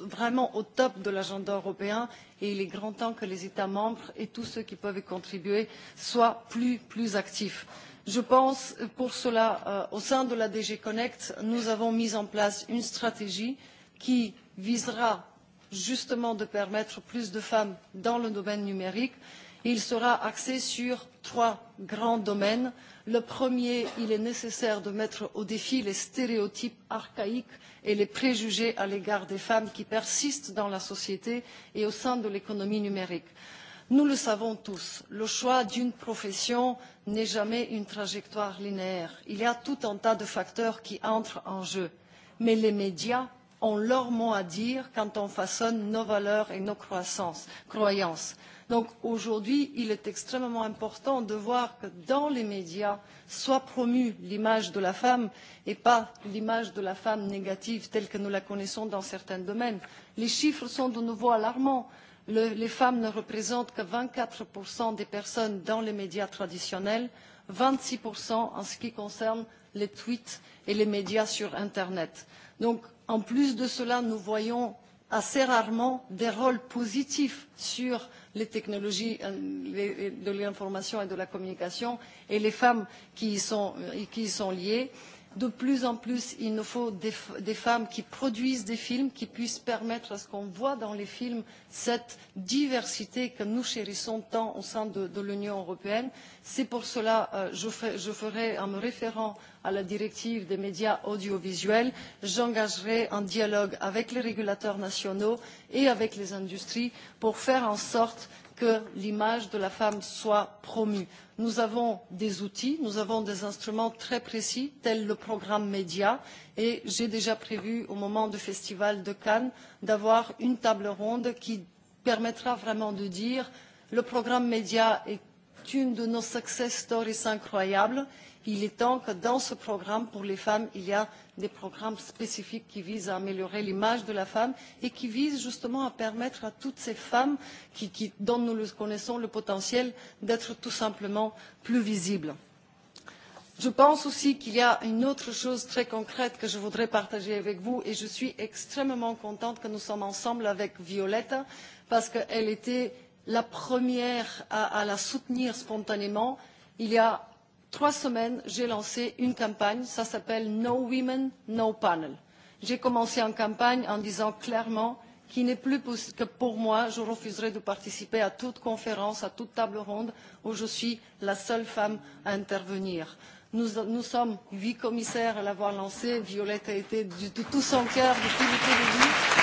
vraiment au top de l'agenda européen et il est grand temps que les États membres et tous ceux qui peuvent y contribuer soient plus, actifs. Je pense pour cela, au sein de la DG Connect, nous avons mis en place une stratégie qui visera justement de permettre plus de femmes dans le domaine numérique. Il sera axé sur trois grands domaines Le premier, il est nécessaire de mettre au défi les stéréotypes archaïques et les préjugés à l'égard des femmes qui persistent dans la société et au sein de l'économie numérique. Nous le savons tous, le choix d'une profession n'est jamais une trajectoire linéaire. Il y a tout un tas de facteurs qui entrent en jeu. Mais les médias ont leur mot à dire quand on façonne nos valeurs et nos croyances Donc aujourd'hui, il est extrêmement important de voir que dans les médias soit promue l'image de la femme et pas l'image de la femme négative telle que nous la connaissons dans certains domaines. Les chiffres sont de nouveau alarmants les femmes ne représentent que vingt quatre des personnes dans les médias traditionnels vingt six en ce qui concerne les tweets et les médias sur internet. donc en plus de cela nous voyons assez rarement des rôles positifs sur les technologies de l'information et de la communication et les femmes qui y sont liées de plus en plus, il nous faut des, femmes qui produisent des films, qui puissent permettre à ce qu'on voit dans les films cette diversité que nous chérissons tant au sein de, l'Union européenne. C'est pour cela que je ferai, en me référant à la directive des médias audiovisuels, j'engagerai un dialogue avec les régulateurs nationaux et avec les industries pour faire en sorte que l'image de la femme soit promue. Nous avons des outils, nous avons des instruments très précis, tels le programme Média, et j'ai déjà prévu, au moment du Festival de Cannes, d'avoir une table ronde qui permettra vraiment de dire le programme Média est une de nos success stories incroyables. Il est temps que dans ce programme, pour les femmes, il y a des programmes spécifiques qui visent à améliorer l'image de la femme et qui visent justement à permettre à toutes ces femmes dont nous le connaissons le potentiel d'être tout simplement plus visibles. Je pense aussi qu'il y a une autre chose très concrète que je voudrais partager avec vous et je suis extrêmement contente que nous sommes ensemble avec Violette parce qu'elle était la première à la soutenir spontanément. Il y a trois semaines, j'ai lancé une campagne, ça s'appelle No Women, No Panel. J'ai commencé une campagne en disant clairement qu'il n'est plus possible que pour moi, je refuserais de participer à toute conférence, à toute table ronde où je suis la seule femme à intervenir. Nous, sommes huit commissaires à l'avoir lancée, Violette a été de, tout son cœur depuis le début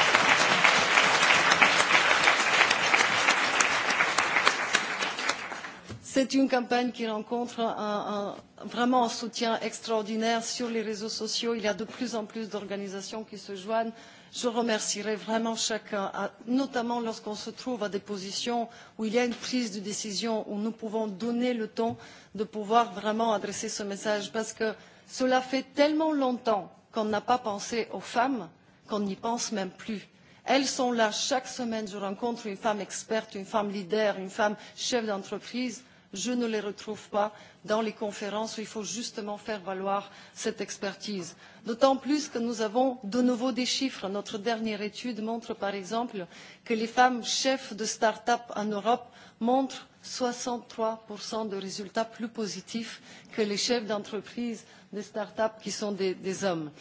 C'est une campagne qui rencontre un, vraiment un soutien extraordinaire sur les réseaux sociaux. Il y a de plus en plus d'organisations qui se joignent. Je remercierai vraiment chacun, notamment lorsqu'on se trouve à des positions où il y a une prise de décision, où nous pouvons donner le temps de pouvoir vraiment adresser ce message. Parce que cela fait tellement longtemps qu'on n'a pas pensé aux femmes qu'on n'y pense même plus. Elles sont là chaque semaine. Je rencontre une femme experte, une femme leader, une femme chef d'entreprise je ne les retrouve pas dans les conférences où il faut justement faire valoir cette expertise. D'autant plus que nous avons de nouveau des chiffres. Notre dernière étude montre par exemple que les femmes chefs de start-up en Europe montrent soixante trois de résultats plus positifs que les chefs d'entreprise des start-up qui sont des hommes.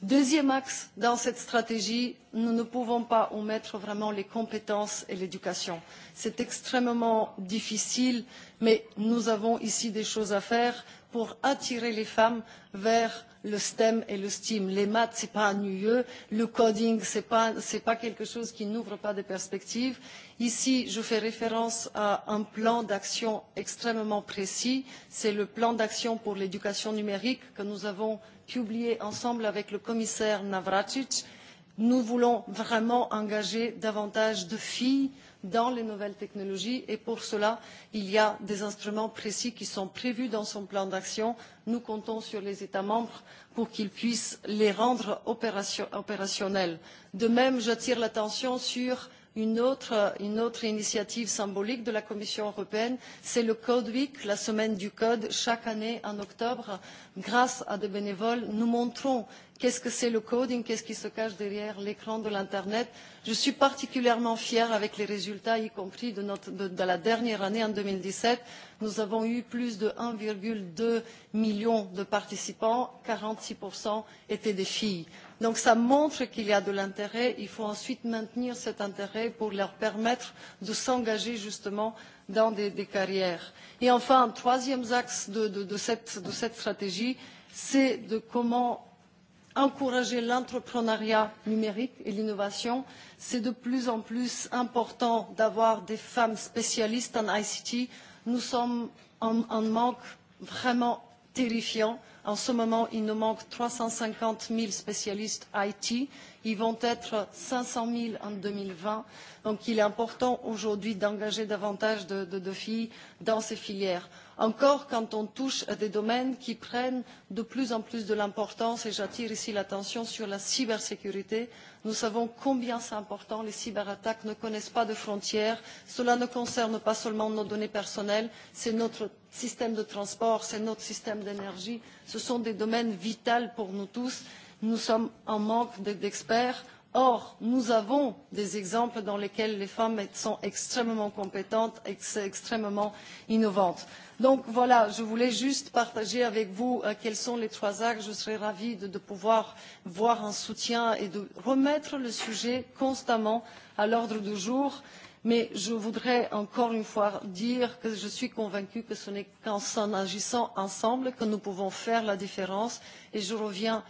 Deuxième axe dans cette stratégie, nous ne pouvons pas omettre vraiment les compétences et l'éducation. C'est extrêmement difficile, mais nous avons ici des choses à faire pour attirer les femmes vers le STEM et le STEAM. Les maths, ce n'est pas ennuyeux. Le coding, ce n'est pas, pas quelque chose qui n'ouvre pas de perspectives. Ici, je fais référence à un plan d'action extrêmement précis. C'est le plan d'action pour l'éducation numérique que nous avons publié ensemble avec le commissaire Navracsics, nous voulons vraiment engager davantage de filles dans les nouvelles technologies et pour cela il y a des instruments précis qui sont prévus dans son plan d'action. nous comptons sur les états membres pour qu'ils puissent les rendre opérationnels. de même j'attire l'attention sur une autre, initiative symbolique de la Commission européenne, c'est le Code Week, la semaine du code. Chaque année, en octobre, grâce à des bénévoles, nous montrons qu'est-ce que c'est le coding, qu'est-ce qui se cache derrière l'écran de l'Internet. Je suis particulièrement fière avec les résultats, y compris de, la dernière année, en deux mille dix sept, Nous avons eu plus de un deux million de participants, quarante six étaient des filles Donc cela montre qu'il y a de l'intérêt. Il faut ensuite maintenir cet intérêt pour leur permettre de s'engager justement dans des, carrières. Et enfin, un troisième axe de, cette, stratégie, c'est de comment encourager l'entrepreneuriat numérique et l'innovation. C'est de plus en plus important d'avoir des femmes spécialistes en ICT. Nous sommes en, manque vraiment terrifiant En ce moment, il nous manque 350 000 spécialistes IT. Ils vont être 500 000 en 2020. Donc il est important aujourd'hui d'engager davantage de, de, de filles dans ces filières encore quand on touche à des domaines qui prennent de plus en plus d'importance et j'attire ici l'attention sur la cybersécurité. nous savons combien c'est important les cyberattaques ne connaissent pas de frontières cela ne concerne pas seulement nos données personnelles c'est notre système de transport c'est notre système d'énergie ce sont des domaines vitaux pour nous tous. nous sommes en manque d'experts Or, nous avons des exemples dans lesquels les femmes sont extrêmement compétentes et extrêmement innovantes. Donc voilà, je voulais juste partager avec vous quels sont les trois axes. Je serais ravie de, pouvoir voir un soutien et de remettre le sujet constamment à l'ordre du jour mais je voudrais encore une fois dire que je suis convaincue que ce n'est qu'en agissant ensemble que nous pouvons faire la différence et je reviens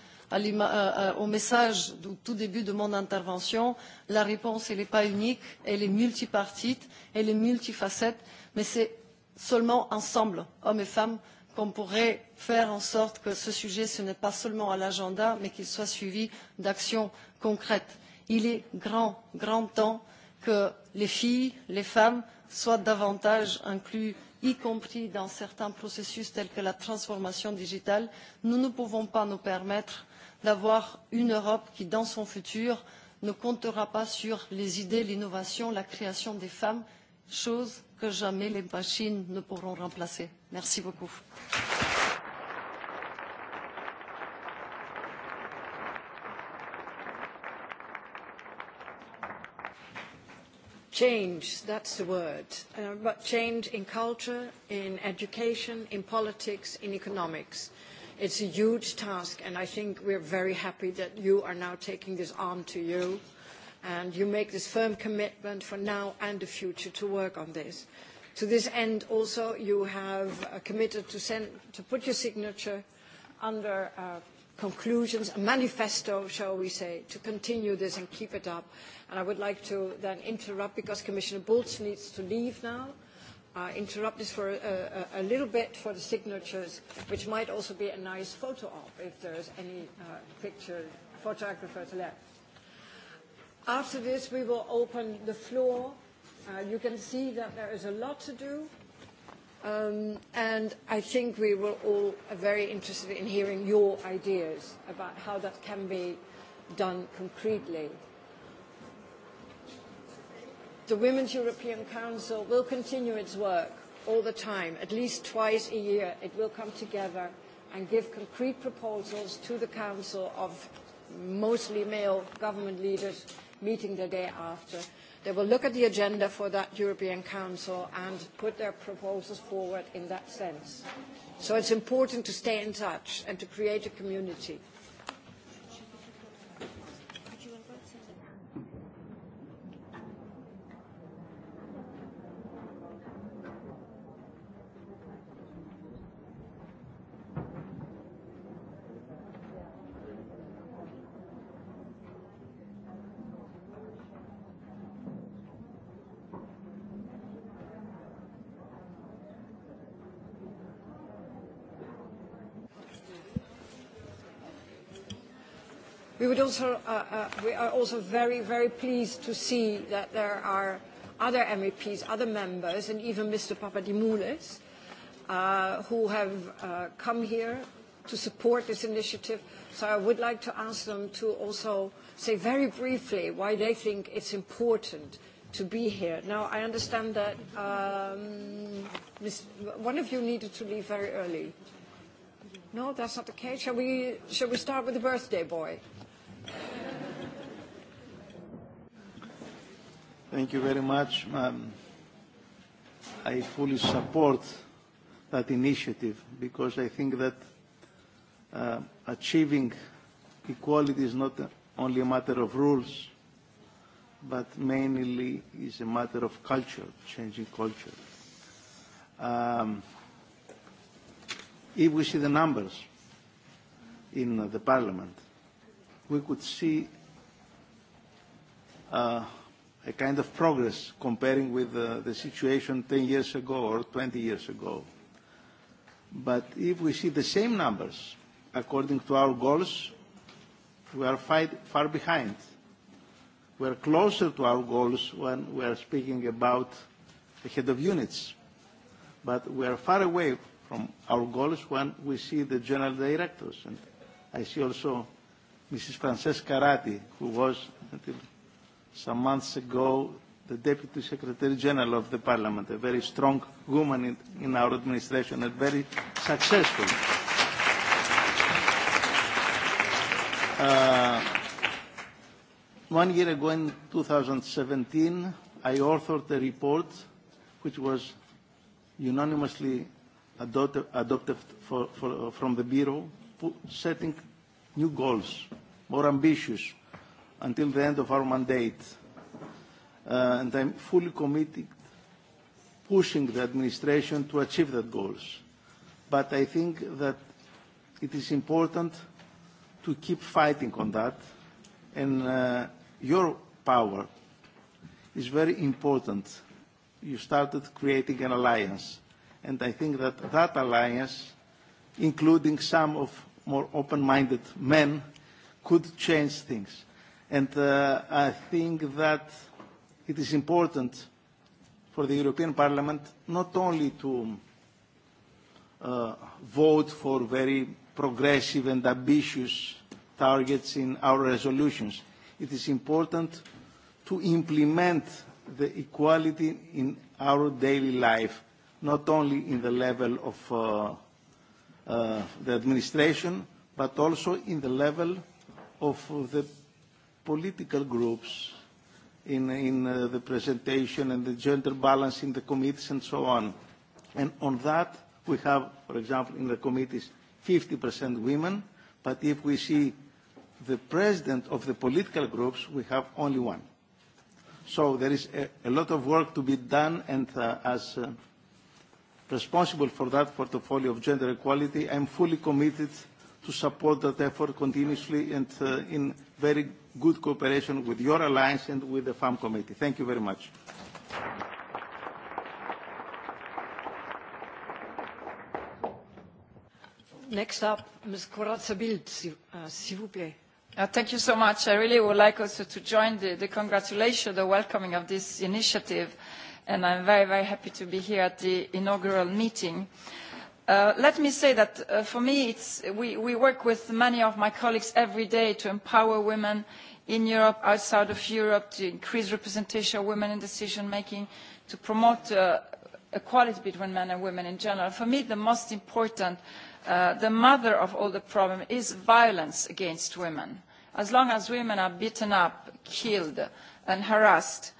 au message du tout début de mon intervention la réponse n'est pas unique elle est multipartite elle est multifacette mais c'est seulement ensemble hommes et femmes qu'on pourrait faire en sorte que ce sujet ne soit pas seulement à l'agenda mais qu'il soit suivi d'actions concrètes. il est grand grand temps que les filles, les femmes soient davantage incluses, y compris dans certains processus tels que la transformation digitale, nous ne pouvons pas nous permettre d'avoir une Europe qui, dans son futur, ne comptera pas sur les idées, l'innovation, la création des femmes, chose que jamais les machines ne pourront remplacer. Merci beaucoup. change, that's the word, uh, but change in culture, in education, in politics, in economics. It's a huge task, and I think we're very happy that you are now taking this on to you, and you make this firm commitment for now and the future to work on this. To this end, also, you have uh, committed to, send, to put your signature under uh, conclusions, a manifesto, shall we say, to continue this and keep it up. And I would like to then interrupt, because Commissioner Bulc needs to leave now, uh, interrupt this for a, a, a little bit for the signatures, which might also be a nice photo op if there's any uh, picture, photographers left. After this, we will open the floor. Uh, you can see that there is a lot to do. Um, and I think we were all very interested in hearing your ideas about how that can be done concretely. The Women's European Council will continue its work all the time, at least twice a year. It will come together and give concrete proposals to the Council of mostly male government leaders meeting the day after They will look at the agenda for that European Council and put their proposals forward in that sense. So it's important to stay in touch and to create a community. would also, uh, uh, we are also very, very pleased to see that there are other MEPs, other members, and even Mr. Papadimoulis, uh, who have uh, come here to support this initiative. So I would like to ask them to also say very briefly why they think it's important to be here. Now, I understand that um, one of you needed to leave very early. No, that's not the case. Shall we, shall we start with the birthday boy? Thank you very much. Um, I fully support that initiative because I think that uh, achieving equality is not only a matter of rules, but mainly is a matter of culture, changing culture. Um, if we see the numbers in the parliament, we could see uh, a kind of progress comparing with uh, the situation 10 years ago or 20 years ago. But if we see the same numbers according to our goals, we are fight, far behind. We are closer to our goals when we are speaking about the head of units. But we are far away from our goals when we see the general directors. And I see also Mrs. Francesca Ratti, who was until some months ago the Deputy Secretary General of the Parliament, a very strong woman in, in our administration and very successful. Uh, one year ago in 2017, I authored a report which was unanimously adopted, adopted for, for, from the Bureau setting new goals, more ambitious, until the end of our mandate. Uh, and I'm fully committed pushing the administration to achieve that goals. But I think that it is important to keep fighting on that, and uh, your power is very important. You started creating an alliance, and I think that that alliance, including some of more open-minded men could change things. And uh, I think that it is important for the European Parliament not only to uh, vote for very progressive and ambitious targets in our resolutions. It is important to implement the equality in our daily life, not only in the level of uh, uh, the administration, but also in the level of the political groups in, in uh, the presentation and the gender balance in the committees and so on. And on that, we have, for example, in the committees, 50% women, but if we see the president of the political groups, we have only one. So there is a, a lot of work to be done, and uh, as uh, responsible for that portfolio of gender equality. I'm fully committed to support that effort continuously and uh, in very good cooperation with your alliance and with the FAM committee. Thank you very much. Next up, Ms. Corazza Bild, s'il vous plaît. Thank you so much. I really would like also to join the, the congratulations, the welcoming of this initiative and I'm very, very happy to be here at the inaugural meeting. Let me say that for me, it's we we work with many of my colleagues every day to empower women in Europe, outside of Europe, to increase representation of women in decision-making, to promote equality between men and women in general. For me, the most important, the mother of all the problem is violence against women. As long as women are beaten up, killed, and harassed,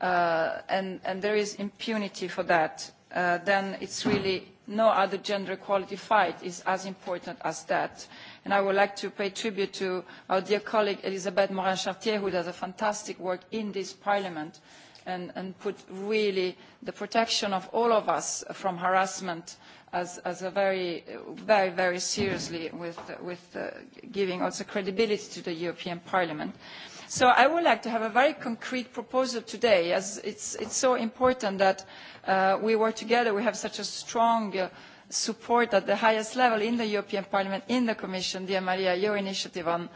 and, and there is impunity for that, uh, then it's really no other gender equality fight is as important as that. And I would like to pay tribute to our dear colleague Elisabeth Morin-Chartier, who does a fantastic work in this parliament and, and put really the protection of all of us from harassment as, as a very, very, very seriously with, with uh, giving also credibility to the European Parliament. Uh, So I would like to have a very concrete proposal today, as it is so important that we work together, we have such a strong support at the highest level in the European Parliament, in the Commission. Dear Maria, your initiative on,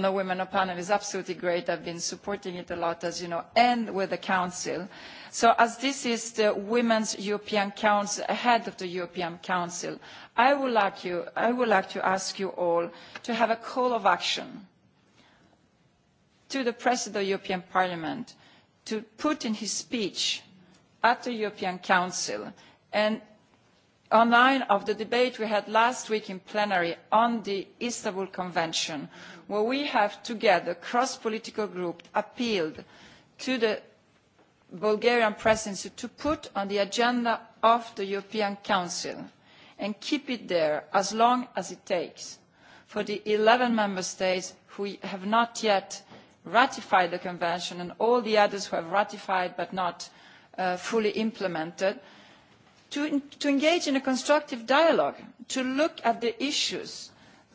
the Women on Panel is absolutely great. I have been supporting it a lot, as you know, and with the Council. So as this is the Women's European Council, ahead of the European Council, I would like, I would like to ask you all to have a call of action to the President of the European Parliament to put in his speech at the European Council and line with the debate we had last week in plenary on the Istanbul Convention, where we have together, cross-political groups, appealed to the Bulgarian presidency to put on the agenda of the European Council and keep it there as long as it takes for the eleven member states who have not yet ratified the convention and all the others who have ratified but not fully implemented, to, engage in a constructive dialogue, to look at the issues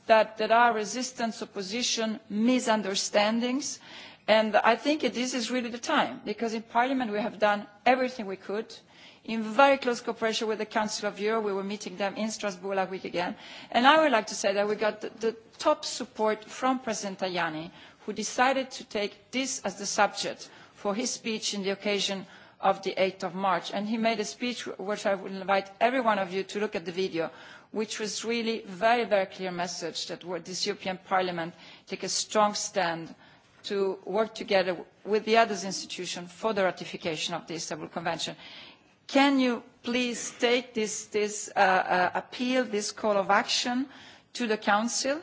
that, are resistance, opposition, misunderstandings. And I think this is really the time, because in Parliament we have done everything we could. In very close cooperation with the Council of Europe, we were meeting them in Strasbourg last week again. And I would like to say that we got the, top support from President Tajani who decided to take this as the subject for his speech on the occasion of the of March. And he made a speech, which I would invite every one of you to look at the video, which was really a very, clear message that this European Parliament take a strong stand to work together with the other institutions for the ratification of the Istanbul Convention. Can you please take this, appeal, this call of action to the Council?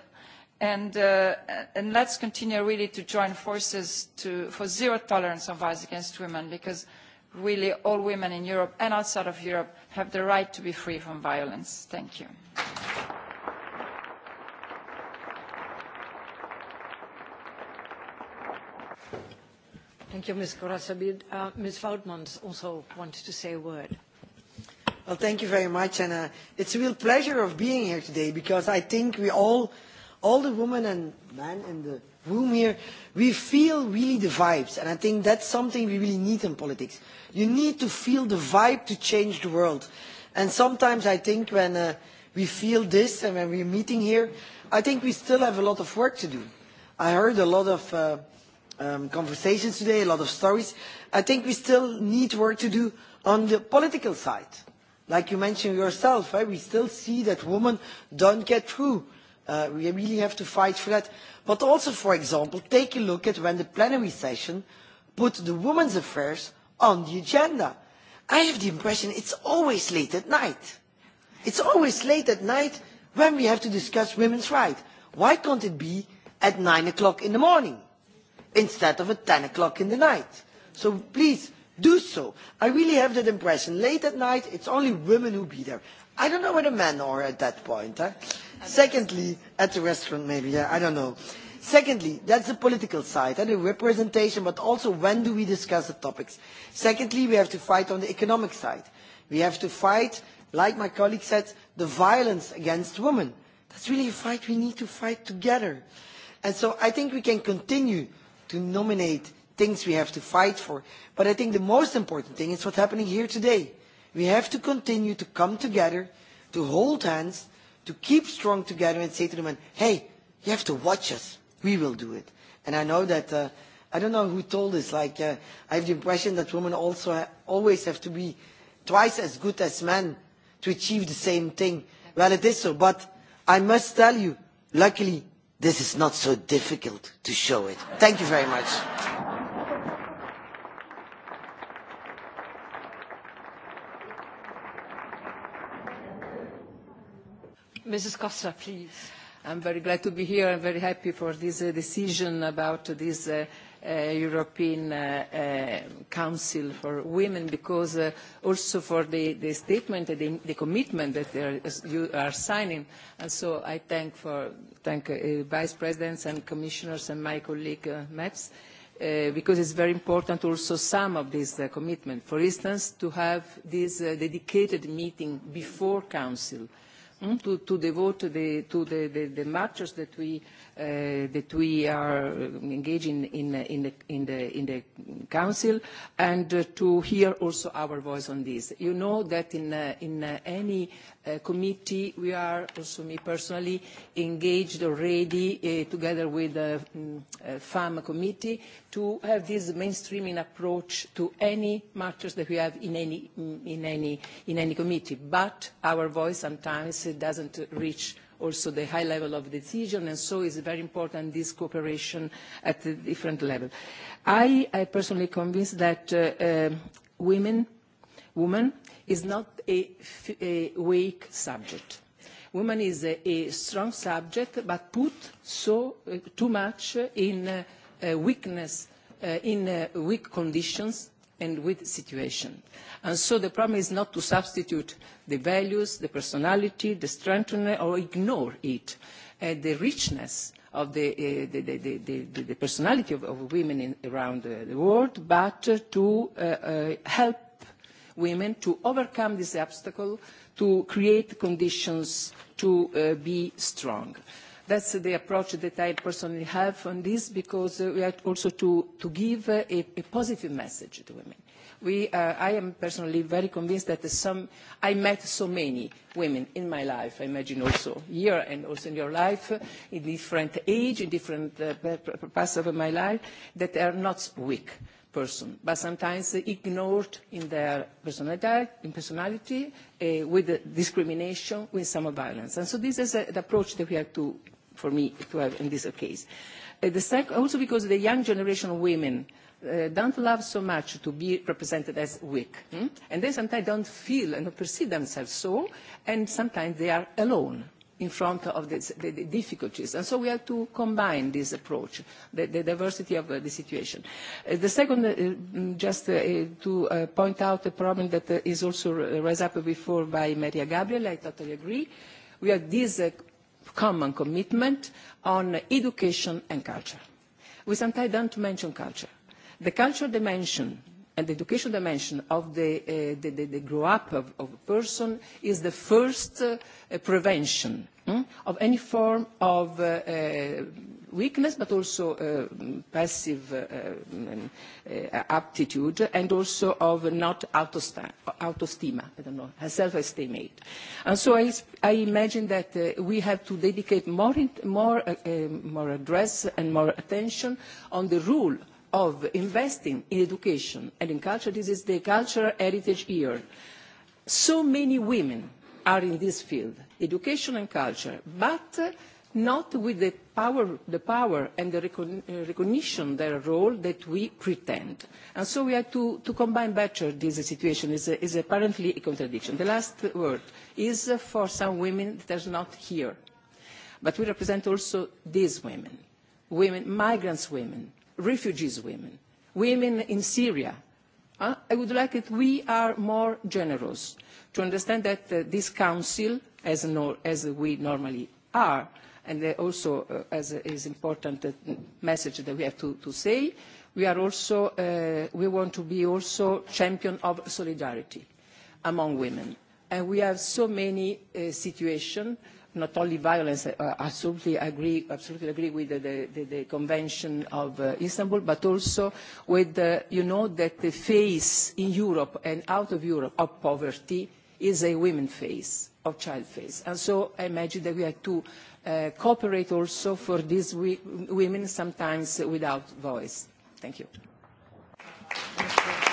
and, and let's continue really to join forces to, for zero tolerance of violence against women because really all women in Europe and outside of Europe have the right to be free from violence. Thank you. Thank you, Ms. Corazabid. Uh, Ms. Voutmans also wanted to say a word. Well, thank you very much, and uh, it's a real pleasure of being here today because I think we all – all the women and men in the room here, we feel really the vibes. And I think that's something we really need in politics. You need to feel the vibe to change the world. And sometimes I think when uh, we feel this and when we're meeting here, I think we still have a lot of work to do. I heard a lot of uh, um, conversations today, a lot of stories. I think we still need work to do on the political side. Like you mentioned yourself, right? we still see that women don't get through Uh, we really have to fight for that. But also, for example, take a look at when the plenary session put the women's affairs on the agenda. I have the impression it's always late at night. It's always late at night when we have to discuss women's rights. Why can't it be at nine o'clock in the morning instead of at ten o'clock in the night? So please do so. I really have that impression. Late at night, it's only women who be there. I don't know where the men are at that point. Huh? Secondly, at the restaurant maybe, yeah, I don't know. Secondly, that's the political side and the representation, but also when do we discuss the topics. Secondly, we have to fight on the economic side. We have to fight, like my colleague said, the violence against women. That's really a fight we need to fight together. And so I think we can continue to nominate things we have to fight for. But I think the most important thing is what's happening here today. We have to continue to come together, to hold hands, to keep strong together and say to the men, hey, you have to watch us. We will do it. And I know that, uh, I don't know who told this, like, uh, I have the impression that women also ha- always have to be twice as good as men to achieve the same thing. Well, it is so, but I must tell you, luckily, this is not so difficult to show it. Thank you very much. Mrs. Costa, please. I'm very glad to be here. I'm very happy for this uh, decision about this uh, uh, European uh, uh, Council for Women, because uh, also for the, the statement and the, the commitment that they are, you are signing. And so I thank, for, thank uh, Vice Presidents and Commissioners and my colleague uh, MEPS, uh, because it's very important also some of this uh, commitment. For instance, to have this uh, dedicated meeting before Council, uh, to, to devote the, to the, the, the matches that we that we are engaging in in the in in the the council, and to hear also our voice on this. You know that in any committee, we are also, me personally, engaged already together with the FAM committee to have this mainstreaming approach to any matters that we have in in any any in any committee. But our voice sometimes doesn't reach also the high level of decision, and so it's very important this cooperation at a different level. I am personally convinced that women, woman is not a, a weak subject. Women is a, a strong subject, but put so uh, too much in uh, weakness, uh, in uh, weak conditions, and with situation. And so the problem is not to substitute the values, the personality, the strength, or ignore it. Uh, the richness of the, uh, the, the, the, the, the personality of, of women in, around the, the world, but uh, to uh, uh, help women to overcome this obstacle, to create conditions to uh, be strong. Uh, That's the approach that I personally have on this because we have also to, to give a, a positive message to women. We, uh, I am personally very convinced that some, I met so many women in my life, I imagine also here and also in your life, in different age, in different uh, parts of my life, that are not weak person, but sometimes ignored in their personality, in personality uh, with discrimination, with some violence. And so this is a, the approach that we have to for me to have in this case. The also because the young generation of women don't love so much to be represented as weak. And they sometimes don't feel and perceive themselves so, and sometimes they are alone in front of this, the, the difficulties. And so we have to combine this approach, the, the diversity of uh, the situation. Uh, the second, uh, just uh, to uh, point out a problem that uh, is also raised up before by Maria Gabriel, I totally agree. We have this uh, common commitment on education and culture. We sometimes don't mention culture. The cultural dimension and the education dimension of the, grow up of, a person is the first prevention of any form of weakness, but also passive aptitude, and also of not autostima, I don't know, self-estimate. And so I, I imagine that we have to dedicate more, more, more address and more attention on the rule of investing in education and in culture. This is the cultural heritage year. So many women are in this field, education and culture, but not with the power, the power and the recognition their role that we pretend. And so we have to, to combine better this situation. which is apparently a contradiction. The last word is for some women that are not here. But we represent also these women, women, migrants women, refugees women, women in Syria, I would like that we are more generous to understand that this council, as, we normally are, and also as is important message that we have to, say, we are also, we want to be also champion of solidarity among women. And we have so many situations not only violence, I absolutely agree, absolutely agree with the, the, the Convention of uh, Istanbul, but also with, uh, you know, that the face in Europe and out of Europe of poverty is a women face, of child face. And so I imagine that we have to uh, cooperate also for these women, sometimes without voice. Thank you. Thank you.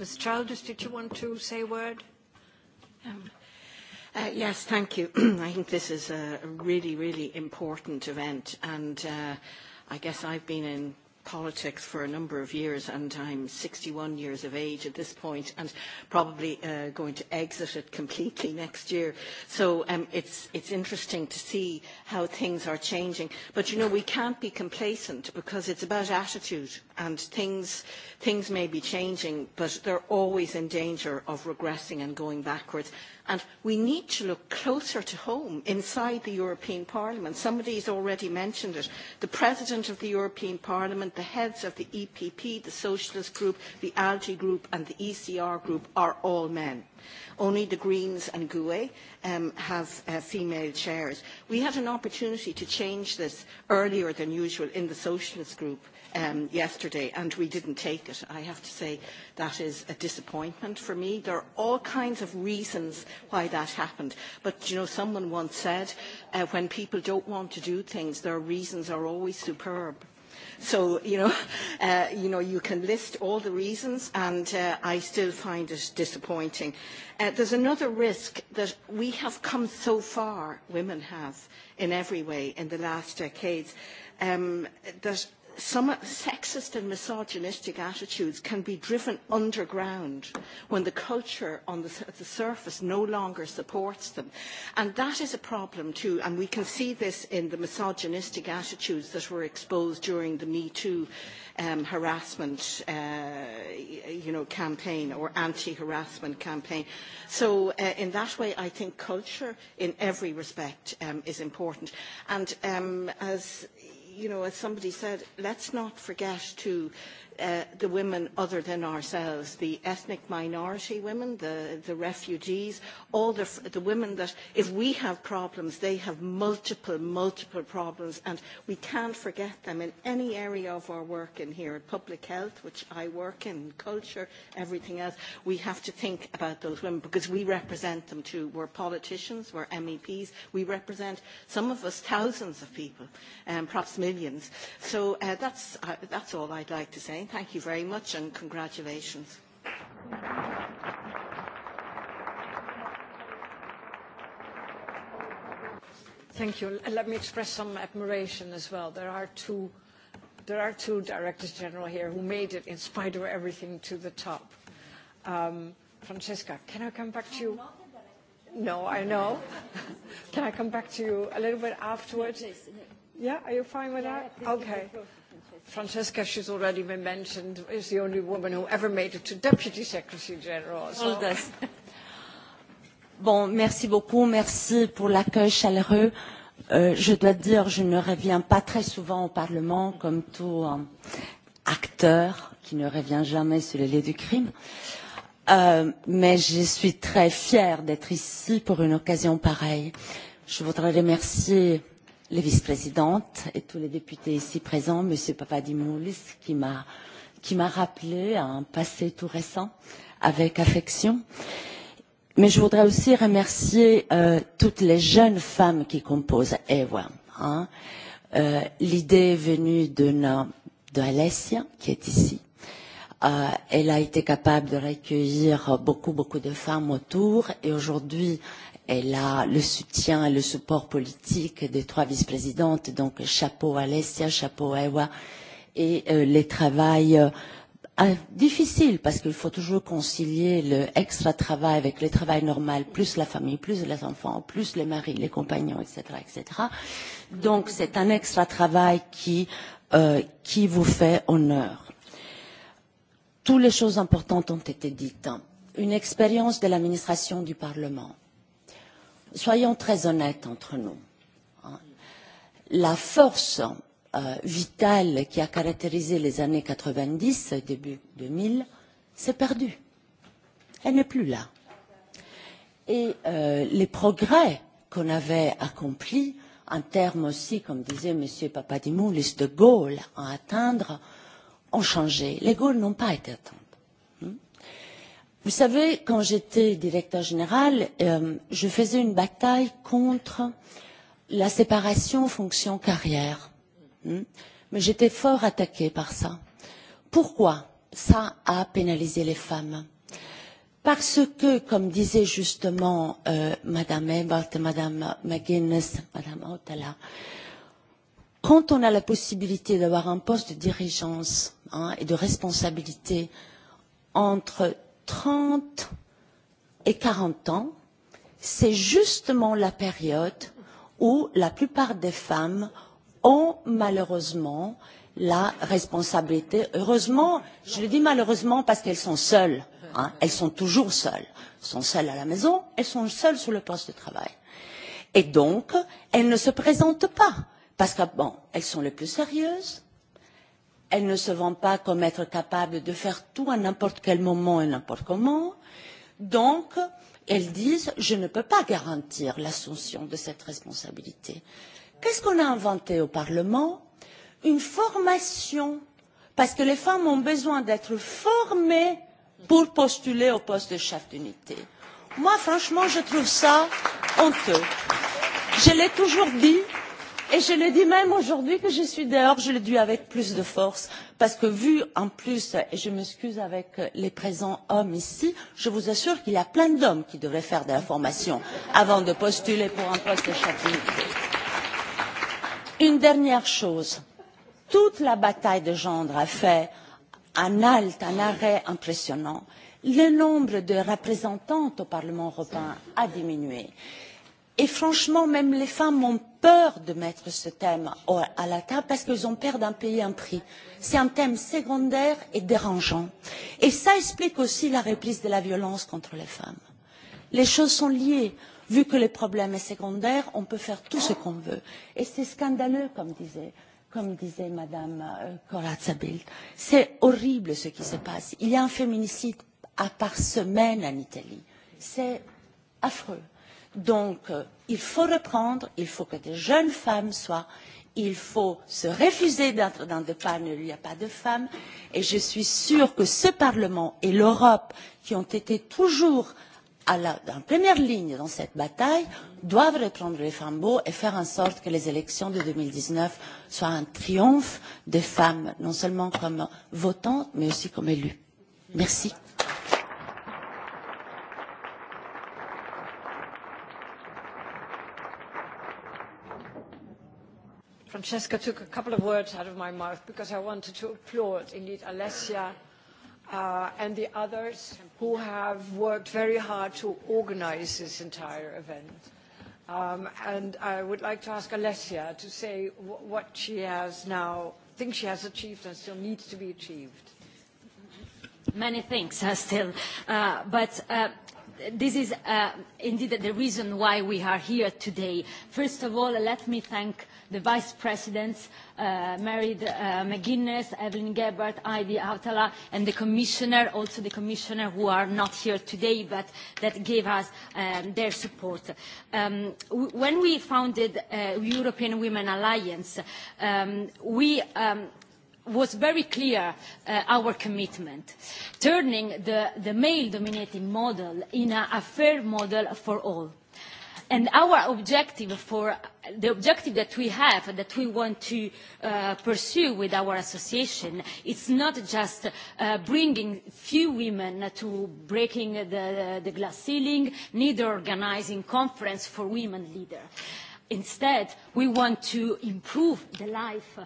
Ms. Childers, did you want to say a word? Um, uh, yes, thank you. I think this is a really, really important event, and uh, I guess I've been in politics for a number of years and I'm 61 years of age at this point and probably uh, going to exit it completely next year. So um, it's, it's interesting to see how things are changing. But you know, we can't be complacent because it's about attitude and things, things may be changing, but they're always in danger of regressing and going backwards. And we need to look closer to home inside the European Parliament. Somebody has already mentioned it. The President of the European Parliament, the heads of the EPP, the Socialist Group, the ALGE Group and the ECR Group are all men. Only the Greens and GUE um, have uh, female chairs. We had an opportunity to change this earlier than usual in the Socialist Group um, yesterday yesterday and we didn't take it. I have to say that is a disappointment for me. There are all kinds of reasons why that happened. But, you know, someone once said, uh, when people don't want to do things, their reasons are always superb. So, you know, uh, you know, you can list all the reasons, and uh, I still find it disappointing. Uh, there's another risk that we have come so far, women have, in every way, in the last decades, um, that some sexist and misogynistic attitudes can be driven underground when the culture on the, the surface no longer supports them. And that is a problem too, and we can see this in the misogynistic attitudes that were exposed during the Me Too um, harassment uh, you know, campaign or anti-harassment campaign. So uh, in that way, I think culture in every respect um, is important. And um, as you know, as somebody said, let's not forget to the women other than ourselves, the ethnic minority women, the, the refugees, all the, the women that, if we have problems, they have multiple, multiple problems, and we can't forget them in any area of our work in here, public health, which I work in, culture, everything else. We have to think about those women because we represent them too. We're politicians, we're MEPs, we represent some of us thousands of people, um, perhaps millions. So uh, that's, uh, that's all I'd like to say thank you very much and congratulations. Thank you. Let me express some admiration as well. There are two, there are two directors general here who made it in spite of everything to the top. Um, Francesca, can I come back to you? No, I know. can I come back to you a little bit afterwards? Yeah, are you fine with that? Okay. Francesca, she's already been mentioned, is the only woman who ever made it to Deputy Secretary General. So. Bon, merci beaucoup, merci pour l'accueil chaleureux. Euh, je dois dire, je ne reviens pas très souvent au Parlement, comme tout euh, acteur qui ne revient jamais sur les lieux du crime. Euh, mais je suis très fière d'être ici pour une occasion pareille. Je voudrais remercier les vice présidente et tous les députés ici présents, Monsieur Papadimoulis, qui m'a qui m'a rappelé un passé tout récent avec affection. Mais je voudrais aussi remercier euh, toutes les jeunes femmes qui composent Ewa. Hein. Euh, L'idée est venue d'une de Alessia, qui est ici. Euh, elle a été capable de recueillir beaucoup, beaucoup de femmes autour. Et aujourd'hui, Elle a le soutien et le support politique des trois vice-présidentes, donc chapeau à Alessia, chapeau à Ewa, et euh, les travail euh, difficile parce qu'il faut toujours concilier le extra travail avec le travail normal, plus la famille, plus les enfants, plus les maris, les compagnons, etc., etc. Donc c'est un extra travail qui euh, qui vous fait honneur. Toutes les choses importantes ont été dites. Une expérience de l'administration du Parlement soyons très honnêtes entre nous. La force euh, vitale qui a caractérisé les années 90, début 2000, s'est perdue. Elle n'est plus là. Et euh, les progrès qu'on avait accomplis, en termes aussi, comme disait M. Papadimoulis, de Gaulle à atteindre, ont changé. Les Gaules n'ont pas été atteints Vous savez, quand j'étais directeur général, euh, je faisais une bataille contre la séparation fonction-carrière. Hmm Mais j'étais fort attaquée par ça. Pourquoi ça a pénalisé les femmes Parce que, comme disait justement euh, Madame Ebert, Madame McGuinness, Madame Otala, quand on a la possibilité d'avoir un poste de dirigeance hein, et de responsabilité entre 30 et 40 ans, c'est justement la période où la plupart des femmes ont malheureusement la responsabilité. Heureusement, je le dis malheureusement parce qu'elles sont seules. Hein, elles sont toujours seules. Elles sont seules à la maison, elles sont seules sur le poste de travail. Et donc, elles ne se présentent pas parce que, bon, elles sont les plus sérieuses, elles ne se vend pas comme être capables de faire tout à n'importe quel moment et n'importe comment. Donc, elles disent je ne peux pas garantir l'assumption de cette responsabilité. Qu'est-ce qu'on a inventé au Parlement Une formation, parce que les femmes ont besoin d'être formées pour postuler au poste de chef d'unité. Moi, franchement, je trouve ça honteux. Je l'ai toujours dit, Et je le dis même aujourd'hui que je suis dehors, je le dis avec plus de force, parce que vu en plus, et je m'excuse avec les présents hommes ici, je vous assure qu'il y a plein d'hommes qui devraient faire de la formation avant de postuler pour un poste de chef d'unité. Une dernière chose, toute la bataille de gendre a fait un halte, un arrêt impressionnant. Le nombre de représentantes au Parlement européen a diminué. Et franchement, même les femmes ont peur de mettre ce thème à la table parce qu'elles ont peur d'en payer un prix. C'est un thème secondaire et dérangeant. Et ça explique aussi la réplique de la violence contre les femmes. Les choses sont liées. Vu que le problème est secondaire, on peut faire tout ce qu'on veut. Et c'est scandaleux, comme disait comme disait Madame Corazza-Bild. C'est horrible ce qui se passe. Il y a un féminicide à par semaine en Italie. C'est affreux. Donc, il faut reprendre, il faut que des jeunes femmes soient, il faut se refuser d'être dans des panels où il n'y a pas de femmes. Et je suis sûre que ce Parlement et l'Europe, qui ont été toujours à la, en première ligne dans cette bataille, doivent reprendre les flambeaux et faire en sorte que les élections de deux mille dix neuf soient un triomphe des femmes, non seulement comme votantes, mais aussi comme élues. Merci. Francesca took a couple of words out of my mouth because I wanted to applaud indeed Alessia uh, and the others who have worked very hard to organize this entire event. Um, and I would like to ask Alessia to say w what she has now, thinks she has achieved and still needs to be achieved. Many things are still, uh, but uh, this is uh, indeed the reason why we are here today. First of all, let me thank uh, the vice presidents, uh, Merid uh, McGuinness, Evelyn Gebhardt, Heidi Autala and the commissioner, also the commissioner who are not here today, but that gave us um, their support. Um, when we founded uh, European Women Alliance, um, we um, was very clear uh, our commitment, turning the, the male-dominating model in a, a fair model for all and our objective for the objective that we have that we want to uh, pursue with our association it's not just uh, bringing few women to breaking the, the glass ceiling neither organizing conference for women leaders Instead, we want to improve the life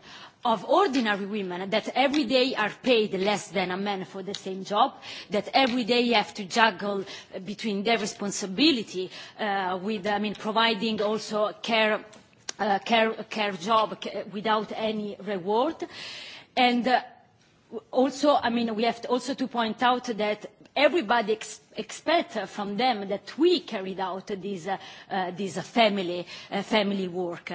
of ordinary women that every day are paid less than a man for the same job, that every day have to juggle between their responsibility uh, with, I mean, providing also care, uh, care, care job without any reward. And uh, also, I mean, we have to also to point out that everybody ex expects from them that we carried out this, uh, uh, this family, uh, family work.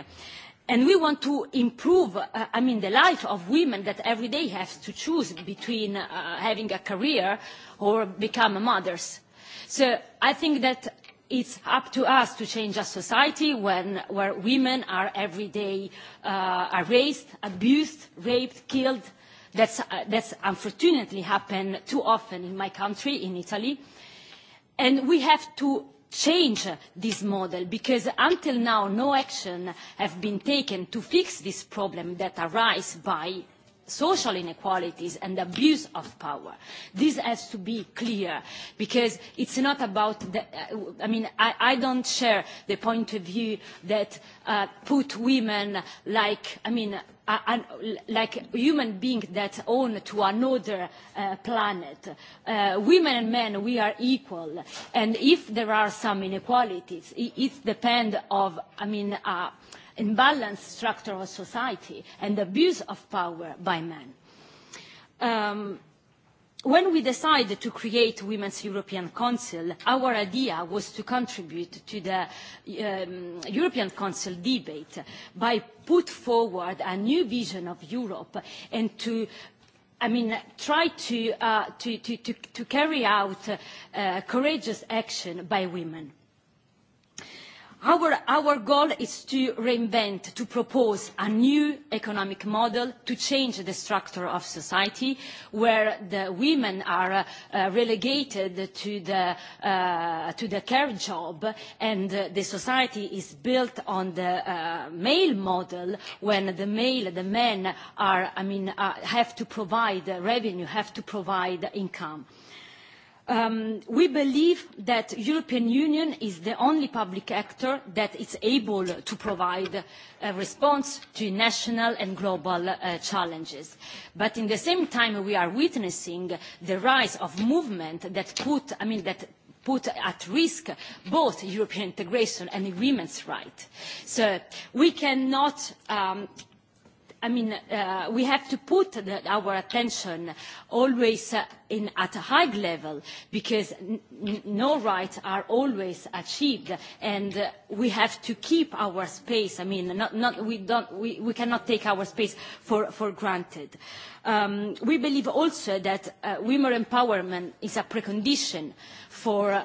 And we want to improve, uh, I mean, the life of women that every day have to choose between uh, having a career or become mothers. So I think that it's up to us to change a society when, where women are every day uh, erased, abused, raped, killed, That's, uh, that's unfortunately happened too often in my country, in Italy. And we have to change this model because until now no action has been taken to fix this problem that arises by social inequalities and abuse of power. This has to be clear because it's not about, the, I mean, I, I don't share the point of view that uh, put women like, I mean, uh, like human beings that own to another uh, planet. Uh, women and men, we are equal. And if there are some inequalities, it, it depends of, I mean, uh, imbalanced structure of society and abuse of power by men. Um, when we decided to create Women's European Council, our idea was to contribute to the um, European Council debate by put forward a new vision of Europe and to I mean, try to, uh, to, to, to, to carry out uh, uh, courageous action by women Our goal is to reinvent, to propose a new economic model to change the structure of society where the women are relegated to the care job and the society is built on the male model when the male, the men are, I mean, have to provide revenue, have to provide income we believe that the European Union is the only public actor that is able to provide a response to national and global challenges. But at the same time, we are witnessing the rise of movements that put, I mean, that put at risk both European integration and women's rights. So we cannot I mean, uh, we have to put the, our attention always uh, in, at a high level because n- no rights are always achieved and uh, we have to keep our space. I mean, not, not, we, don't, we, we cannot take our space for, for granted. Um, we believe also that uh, women empowerment is a precondition for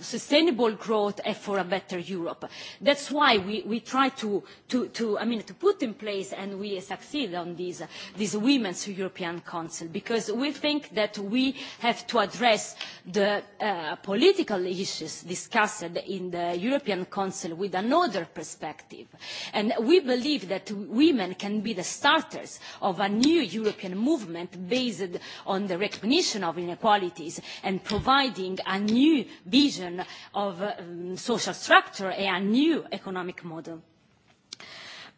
sustainable growth and for a better Europe. That's why we, we try to, to, to, I mean, to put in place, and we succeed on this, this Women's European Council, because we think that we have to address the uh, political issues discussed in the European Council with another perspective. And we believe that women can be the starters of a new European movement based on the recognition of inequalities and providing a new vision of um, social structure and a new economic model.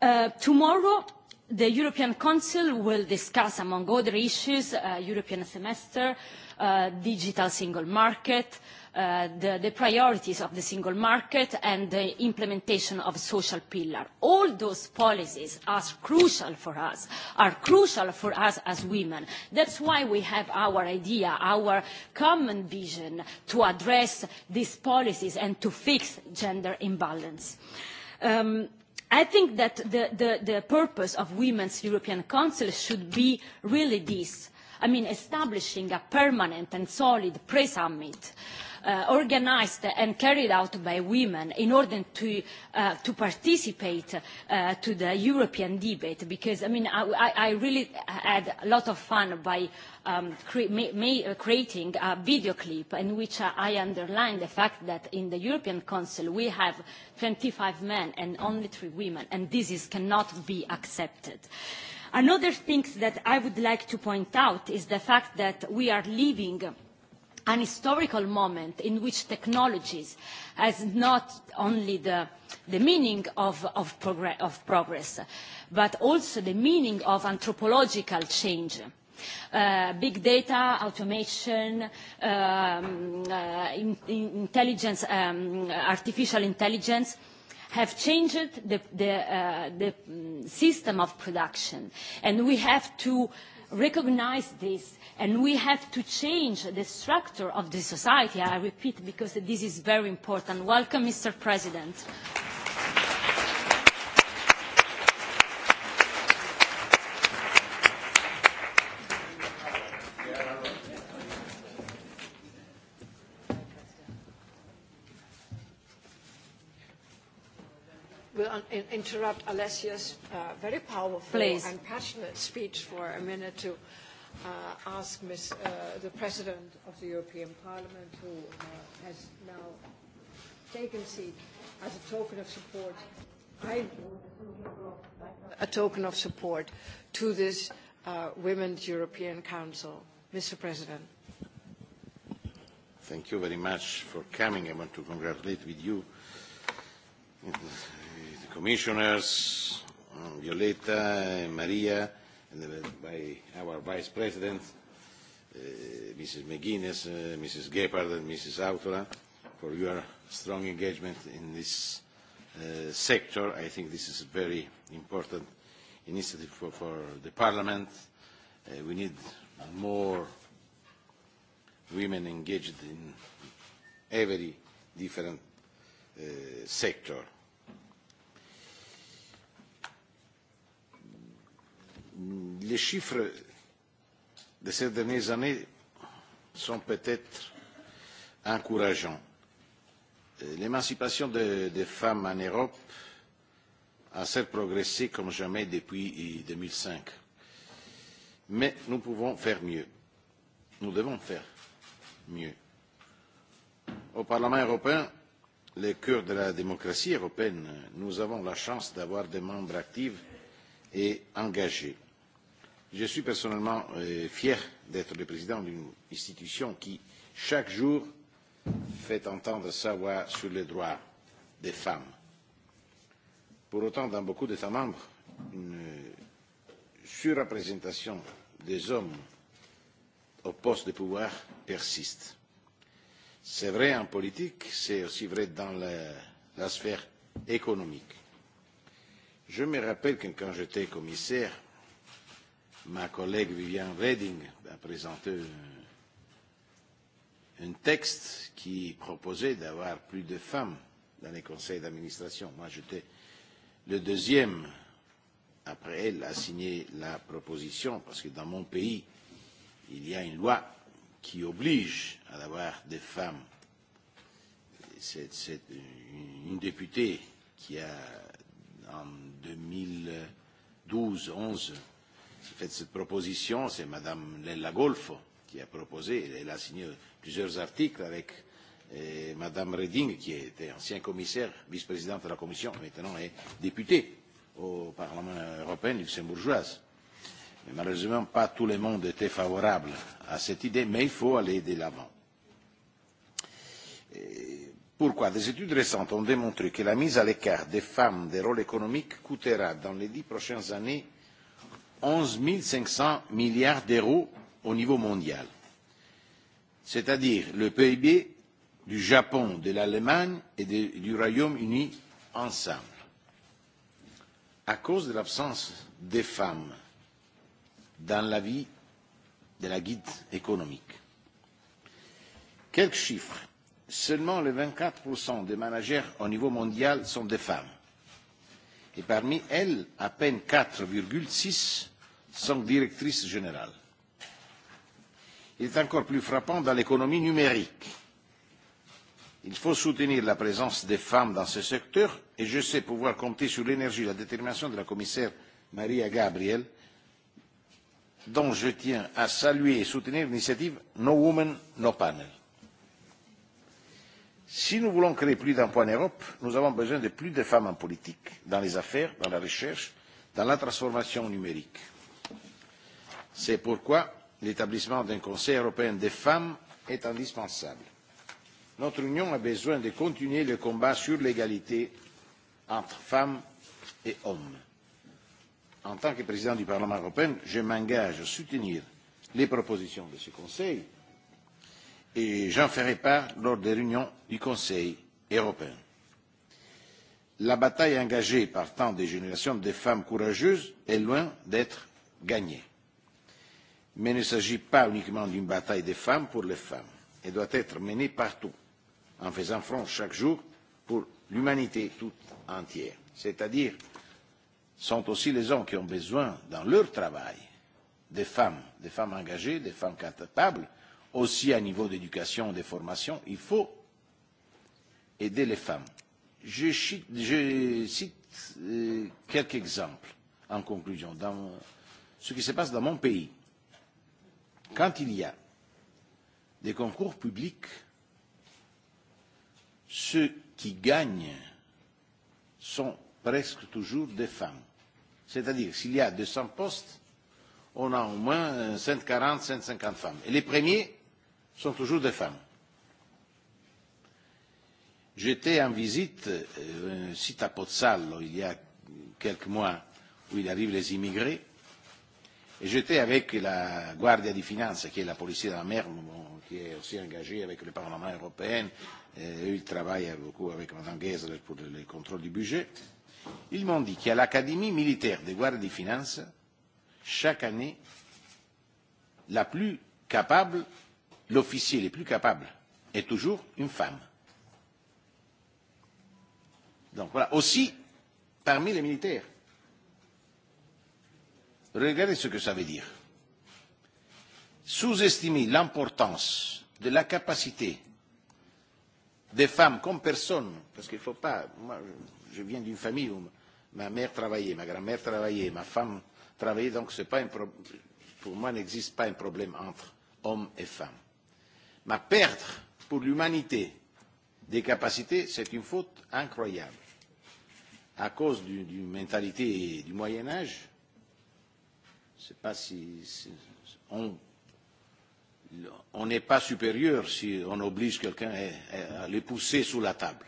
Uh, tomorrow, the European Council will discuss, among other issues, uh, European semester, uh, digital single market, uh, the priorities of the single market and the implementation of the social pillar. All those policies are crucial for us, are crucial for us as women. That's why we have our idea, our common vision to address these policies and to fix gender imbalance. I think that the, purpose of Women's European Council should be really this, I mean, establishing a permanent and solid pre-summit uh, organized and carried out by women in order to, uh, to participate uh, to the European debate because I mean I, I really had a lot of fun by um, cre creating a video clip in which I underline the fact that in the European Council we have 25 men and only three women and this is, cannot be accepted. Uh, Another thing that I would like to point out is the fact that we are living an historical moment in which technologies has not only the, the meaning of, of, progress, of progress, but also the meaning of anthropological change. Uh, big data, automation, um, uh, in, in intelligence, um, artificial intelligence, have changed the, the, uh, the system of production. And we have to recognize this and we have to change the structure of the society, I repeat, because this is very important. Welcome, Mr. President. Thank you. interrupt Alessia's uh, very powerful Please. and passionate speech for a minute to uh, ask Ms., uh, the President of the European Parliament, who uh, has now taken seat as a token of support. I a token of support to this uh, Women's European Council. Mr. President. Thank you very much for coming. I want to congratulate with you commissioners, Violeta and Maria, and by our vice president, uh, Mrs. McGuinness, uh, Mrs. Gephardt, and Mrs. Autola, for your strong engagement in this uh, sector. I think this is a very important initiative for, for the Parliament. Uh, we need more women engaged in every different uh, sector les chiffres de ces dernières années sont peut-être encourageants. L'émancipation des femmes en Europe a certes progressé comme jamais depuis deux mille cinq, Mais nous pouvons faire mieux. Nous devons faire mieux. Au Parlement européen, le cœur de la démocratie européenne, nous avons la chance d'avoir des membres actifs et engagés. Je suis personnellement fier d'être le président d'une institution qui, chaque jour, fait entendre sa voix sur les droits des femmes. Pour autant, dans beaucoup d'États membres, une surreprésentation des hommes au poste de pouvoir persiste. C'est vrai en politique, c'est aussi vrai dans la, sphère économique. Je me rappelle que quand j'étais commissaire, ma collègue Viviane Reding a présenté un texte qui proposait d'avoir plus de femmes dans les conseils d'administration. Moi, j'étais le deuxième, après elle, à signer la proposition, parce que dans mon pays, il y a une loi qui oblige à avoir des femmes. C'est, c'est une députée qui a, en 2012-11, fait cette proposition, c'est Madame Lella Golfo qui a proposé, elle a signé plusieurs articles avec Madame Reding, qui était ancien commissaire, vice-présidente de la Commission, maintenant est députée au Parlement européen luxembourgeoise. Mais malheureusement, pas tout le monde était favorable à cette idée, mais il faut aller de l'avant. Pourquoi Des études récentes ont démontré que la mise à l'écart des femmes des rôles économiques coûtera dans les dix prochaines années onze cinq cents milliards d'euros au niveau mondial, c'est-à-dire le PIB du Japon, de l'Allemagne et du Royaume-Uni ensemble. À cause de l'absence des femmes dans la vie de la guide économique. Quelques chiffres. Seulement le vingt quatre des managers au niveau mondial sont des femmes. Et parmi elles, à peine quatre six sans directrice générale. Il est encore plus frappant dans l'économie numérique. Il faut soutenir la présence des femmes dans ce secteur et je sais pouvoir compter sur l'énergie et la détermination de la commissaire Maria Gabriel, dont je tiens à saluer et soutenir l'initiative No Woman, No Panel. Si nous voulons créer plus d'emplois en Europe, nous avons besoin de plus de femmes en politique, dans les affaires, dans la recherche, dans la transformation numérique C'est pourquoi l'établissement d'un Conseil européen des femmes est indispensable. Notre Union a besoin de continuer le combat sur l'égalité entre femmes et hommes. En tant que président du Parlement européen, je m'engage à soutenir les propositions de ce Conseil et j'en ferai part lors des réunions du Conseil européen. La bataille engagée par tant de générations de femmes courageuses est loin d'être gagnée mais il ne s'agit pas uniquement d'une bataille des femmes pour les femmes. et doit être menée partout, en faisant front chaque jour pour l'humanité toute entière. C'est-à-dire, sont aussi les hommes qui ont besoin, dans leur travail, des femmes, des femmes engagées, des femmes capables, aussi à niveau d'éducation, de formation. Il faut aider les femmes. Je, cite quelques exemples en conclusion dans ce qui se passe dans mon pays quand il y a des concours publics, ceux qui gagnent sont presque toujours des femmes. C'est-à-dire, s'il y a 200 postes, on a au moins 140, 150 femmes. Et les premiers sont toujours des femmes. J'étais en visite, euh, site à Pozzallo, il y a quelques mois, où il arrive les immigrés, Et j'étais avec la Guardia di Finanza, qui est la police de la mer, qui est aussi engagée avec le Parlement européen. Et eux, ils travaillent beaucoup avec Mme Gessler pour le contrôle du budget. Ils m'ont dit qu'à l'Académie militaire des Guardia di Finanza, chaque année, la plus capable, l'officier le plus capable est toujours une femme. Donc voilà, aussi parmi les militaires. Regardez ce que ça veut dire. Sous-estimer l'importance de la capacité des femmes comme personne, parce qu'il ne faut pas. Moi, je viens d'une famille où ma mère travaillait, ma grand-mère travaillait, ma femme travaillait, donc pas un pro... pour moi n'existe pas un problème entre hommes et femmes. Mais perdre pour l'humanité des capacités, c'est une faute incroyable. À cause d'une mentalité du Moyen Âge, Je ne sais pas si, si on on n'est pas supérieur si on oblige quelqu'un à, le pousser sous la table.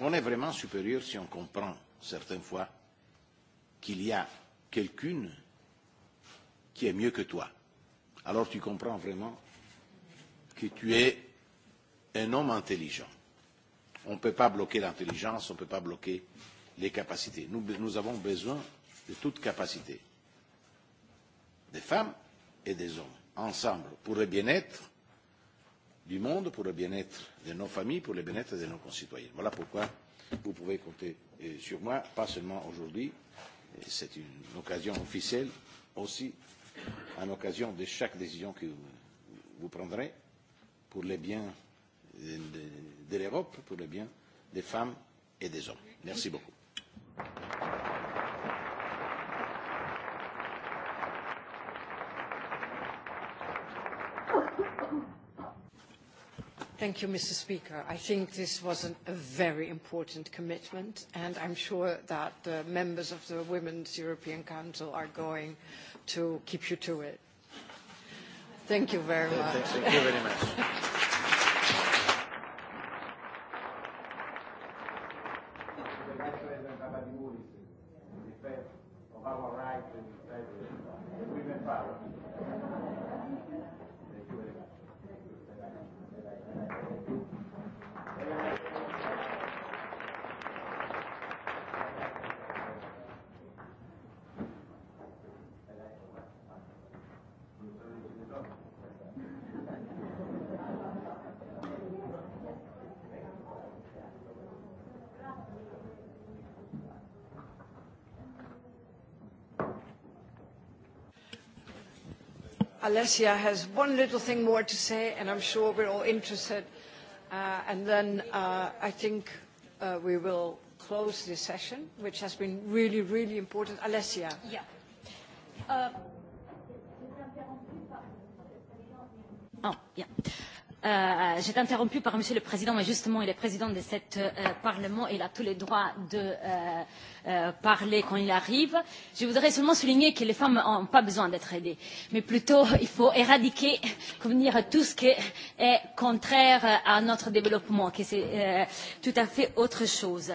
On est vraiment supérieur si on comprend certaines fois qu'il y a quelqu'une qui est mieux que toi. Alors tu comprends vraiment que tu es un homme intelligent. On ne peut pas bloquer l'intelligence, on ne peut pas bloquer les capacités. Nous, nous avons besoin de toute capacité, des femmes et des hommes, ensemble, pour le bien-être du monde, pour le bien-être de nos familles, pour le bien-être de nos concitoyens. Voilà pourquoi vous pouvez compter sur moi, pas seulement aujourd'hui, c'est une occasion officielle, aussi en occasion de chaque décision que vous prendrez pour le bien de, de l'Europe, pour le bien des femmes et des hommes. Merci beaucoup. Thank you, Mr. Speaker. I think this was an, a very important commitment, and I'm sure that the members of the Women's European Council are going to keep you to it. Thank you very much. Thank you very much. Alessia has one little thing more to say, and I'm sure we're all interested. Uh, and then uh, I think uh, we will close this session, which has been really, really important. Alessia. Yeah. Uh, oh, yeah. J'étais interrompue par Monsieur le Président, mais justement, il est président de ce Parlement et il a tous les droits de parler quand il arrive. Je voudrais seulement souligner que les femmes n'ont pas besoin d'être aidées, mais plutôt il faut éradiquer, comme dire, tout ce qui est contraire à notre développement, que c'est tout à fait autre chose.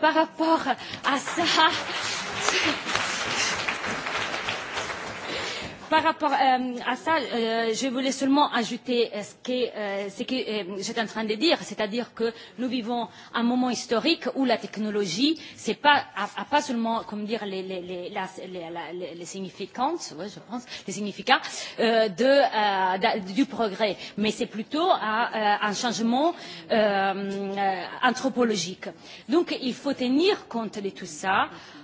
par rapport à ça, Par rapport euh, à ça, euh, je voulais seulement ajouter ce que, euh, que euh, j'étais en train de dire, c'est-à-dire que nous vivons un moment historique où la technologie n'a pas, a, a pas seulement comme dire, les, les, les, les, les, les, les significantes, ouais, je pense, les significats euh, de, euh, de, du progrès, mais c'est plutôt à, un changement euh, anthropologique. Donc il faut tenir compte de tout ça. Euh,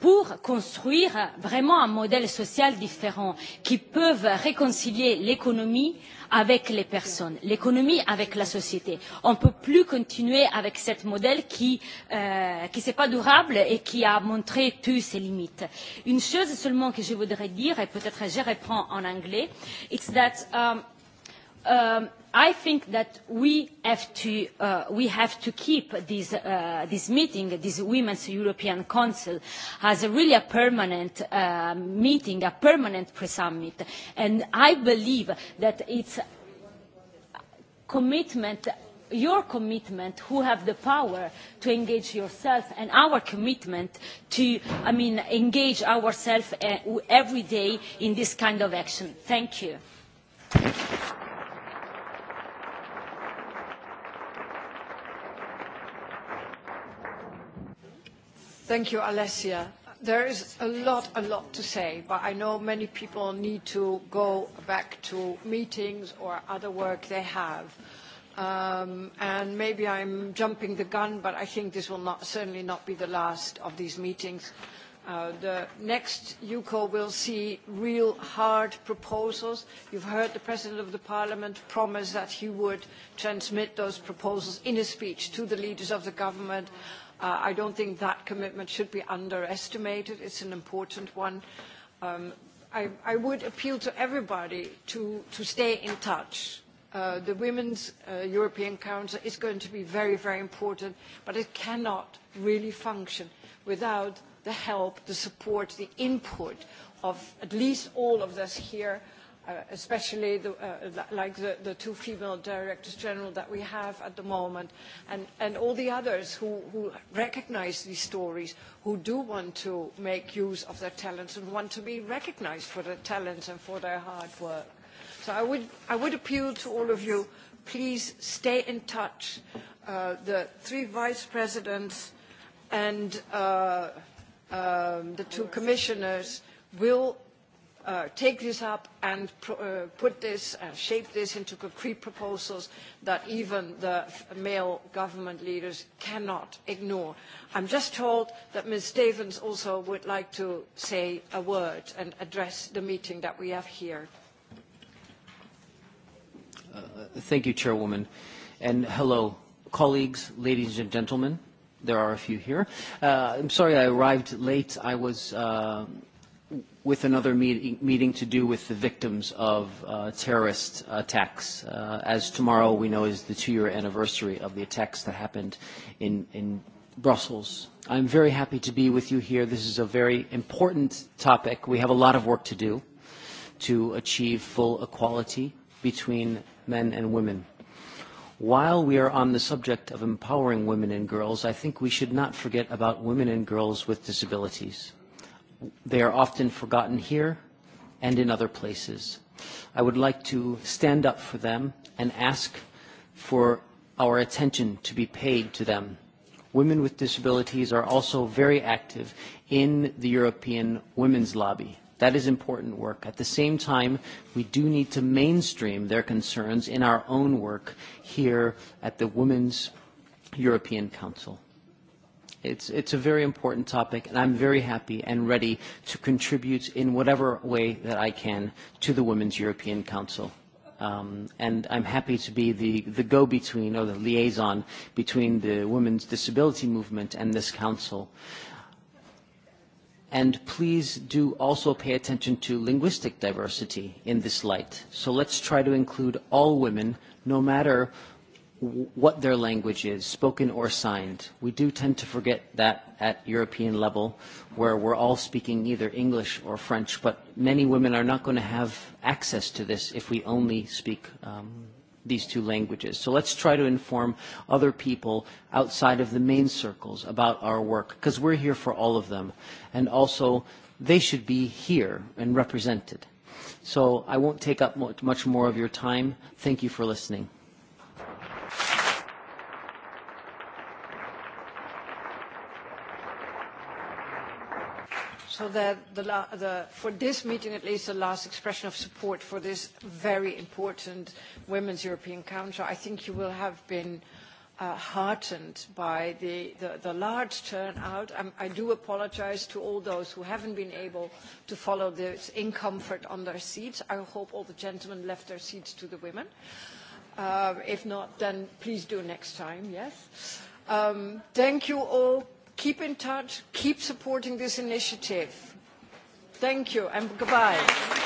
pour construire vraiment un modèle social différent qui peut réconcilier l'économie avec les personnes, l'économie avec la société. On ne peut plus continuer avec ce modèle qui euh, n'est pas durable et qui a montré toutes ses limites. Une chose seulement que je voudrais dire, et peut-être je reprends en anglais, c'est que um, um, I think that we have to, uh, we have to keep this, uh, this meeting, this Women's European Council, as a really a permanent uh, meeting, a permanent pre-summit. And I believe that it's commitment your commitment who have the power to engage yourself and our commitment to i mean engage ourselves every day in this kind of action thank you Thank you, Alessia. There is a lot, a lot to say, but I know many people need to go back to meetings or other work they have. Um, and maybe I'm jumping the gun, but I think this will not, certainly not be the last of these meetings. Uh, the next UCO will see real hard proposals. You've heard the President of the Parliament promise that he would transmit those proposals in a speech to the leaders of the government. Mm I don't think that commitment should be underestimated. It's an important one. I would appeal to everybody to stay in touch. The Women's European Council is going to be very, very important, but it cannot really function without the help, the support, the input of at least all of us here especially the, uh, like the, the two female directors general that we have at the moment, and, and all the others who, who recognize these stories, who do want to make use of their talents and want to be recognized for their talents and for their hard work. So I would, I would appeal to all of you, please stay in touch. Uh, the three vice presidents and uh, um, the two commissioners will take this up and put this and shape this into concrete proposals that even the male government leaders cannot ignore. I'm just told that Ms. Stevens also would like to say a word and address the meeting that we have here. thank you, Chairwoman. And hello, colleagues, ladies and gentlemen. There are a few here. Uh, I'm sorry I arrived late. I was... Uh, with another meeting meeting to do with the victims of uh, terrorist attacks, uh, as tomorrow we know is the two-year anniversary of the attacks that happened in, in Brussels. I'm very happy to be with you here. This is a very important topic. We have a lot of work to do to achieve full equality between men and women. While we are on the subject of empowering women and girls, I think we should not forget about women and girls with disabilities They are often forgotten here and in other places. I would like to stand up for them and ask for our attention to be paid to them. Women with disabilities are also very active in the European Women's Lobby. That is important work. At the same time, we do need to mainstream their concerns in our own work here at the Women's European Council. It's, it's a very important topic, and I'm very happy and ready to contribute in whatever way that I can to the Women's European Council. Um, and I'm happy to be the, the go-between or the liaison between the women's disability movement and this council. And please do also pay attention to linguistic diversity in this light. So let's try to include all women, no matter what their language is, spoken or signed. We do tend to forget that at European level, where we're all speaking either English or French, but many women are not going to have access to this if we only speak um, these two languages. So let's try to inform other people outside of the main circles about our work, because we're here for all of them. And also, they should be here and represented. So I won't take up much more of your time. Thank you for listening. so that the, la the, for this meeting at least the last expression of support for this very important Women's European Council, I think you will have been uh, heartened by the, the, the large turnout. Um, I do apologize to all those who haven't been able to follow this in comfort on their seats. I hope all the gentlemen left their seats to the women. Uh, if not, then please do next time, yes. Um, thank you all keep in touch, keep supporting this initiative. Thank you and goodbye.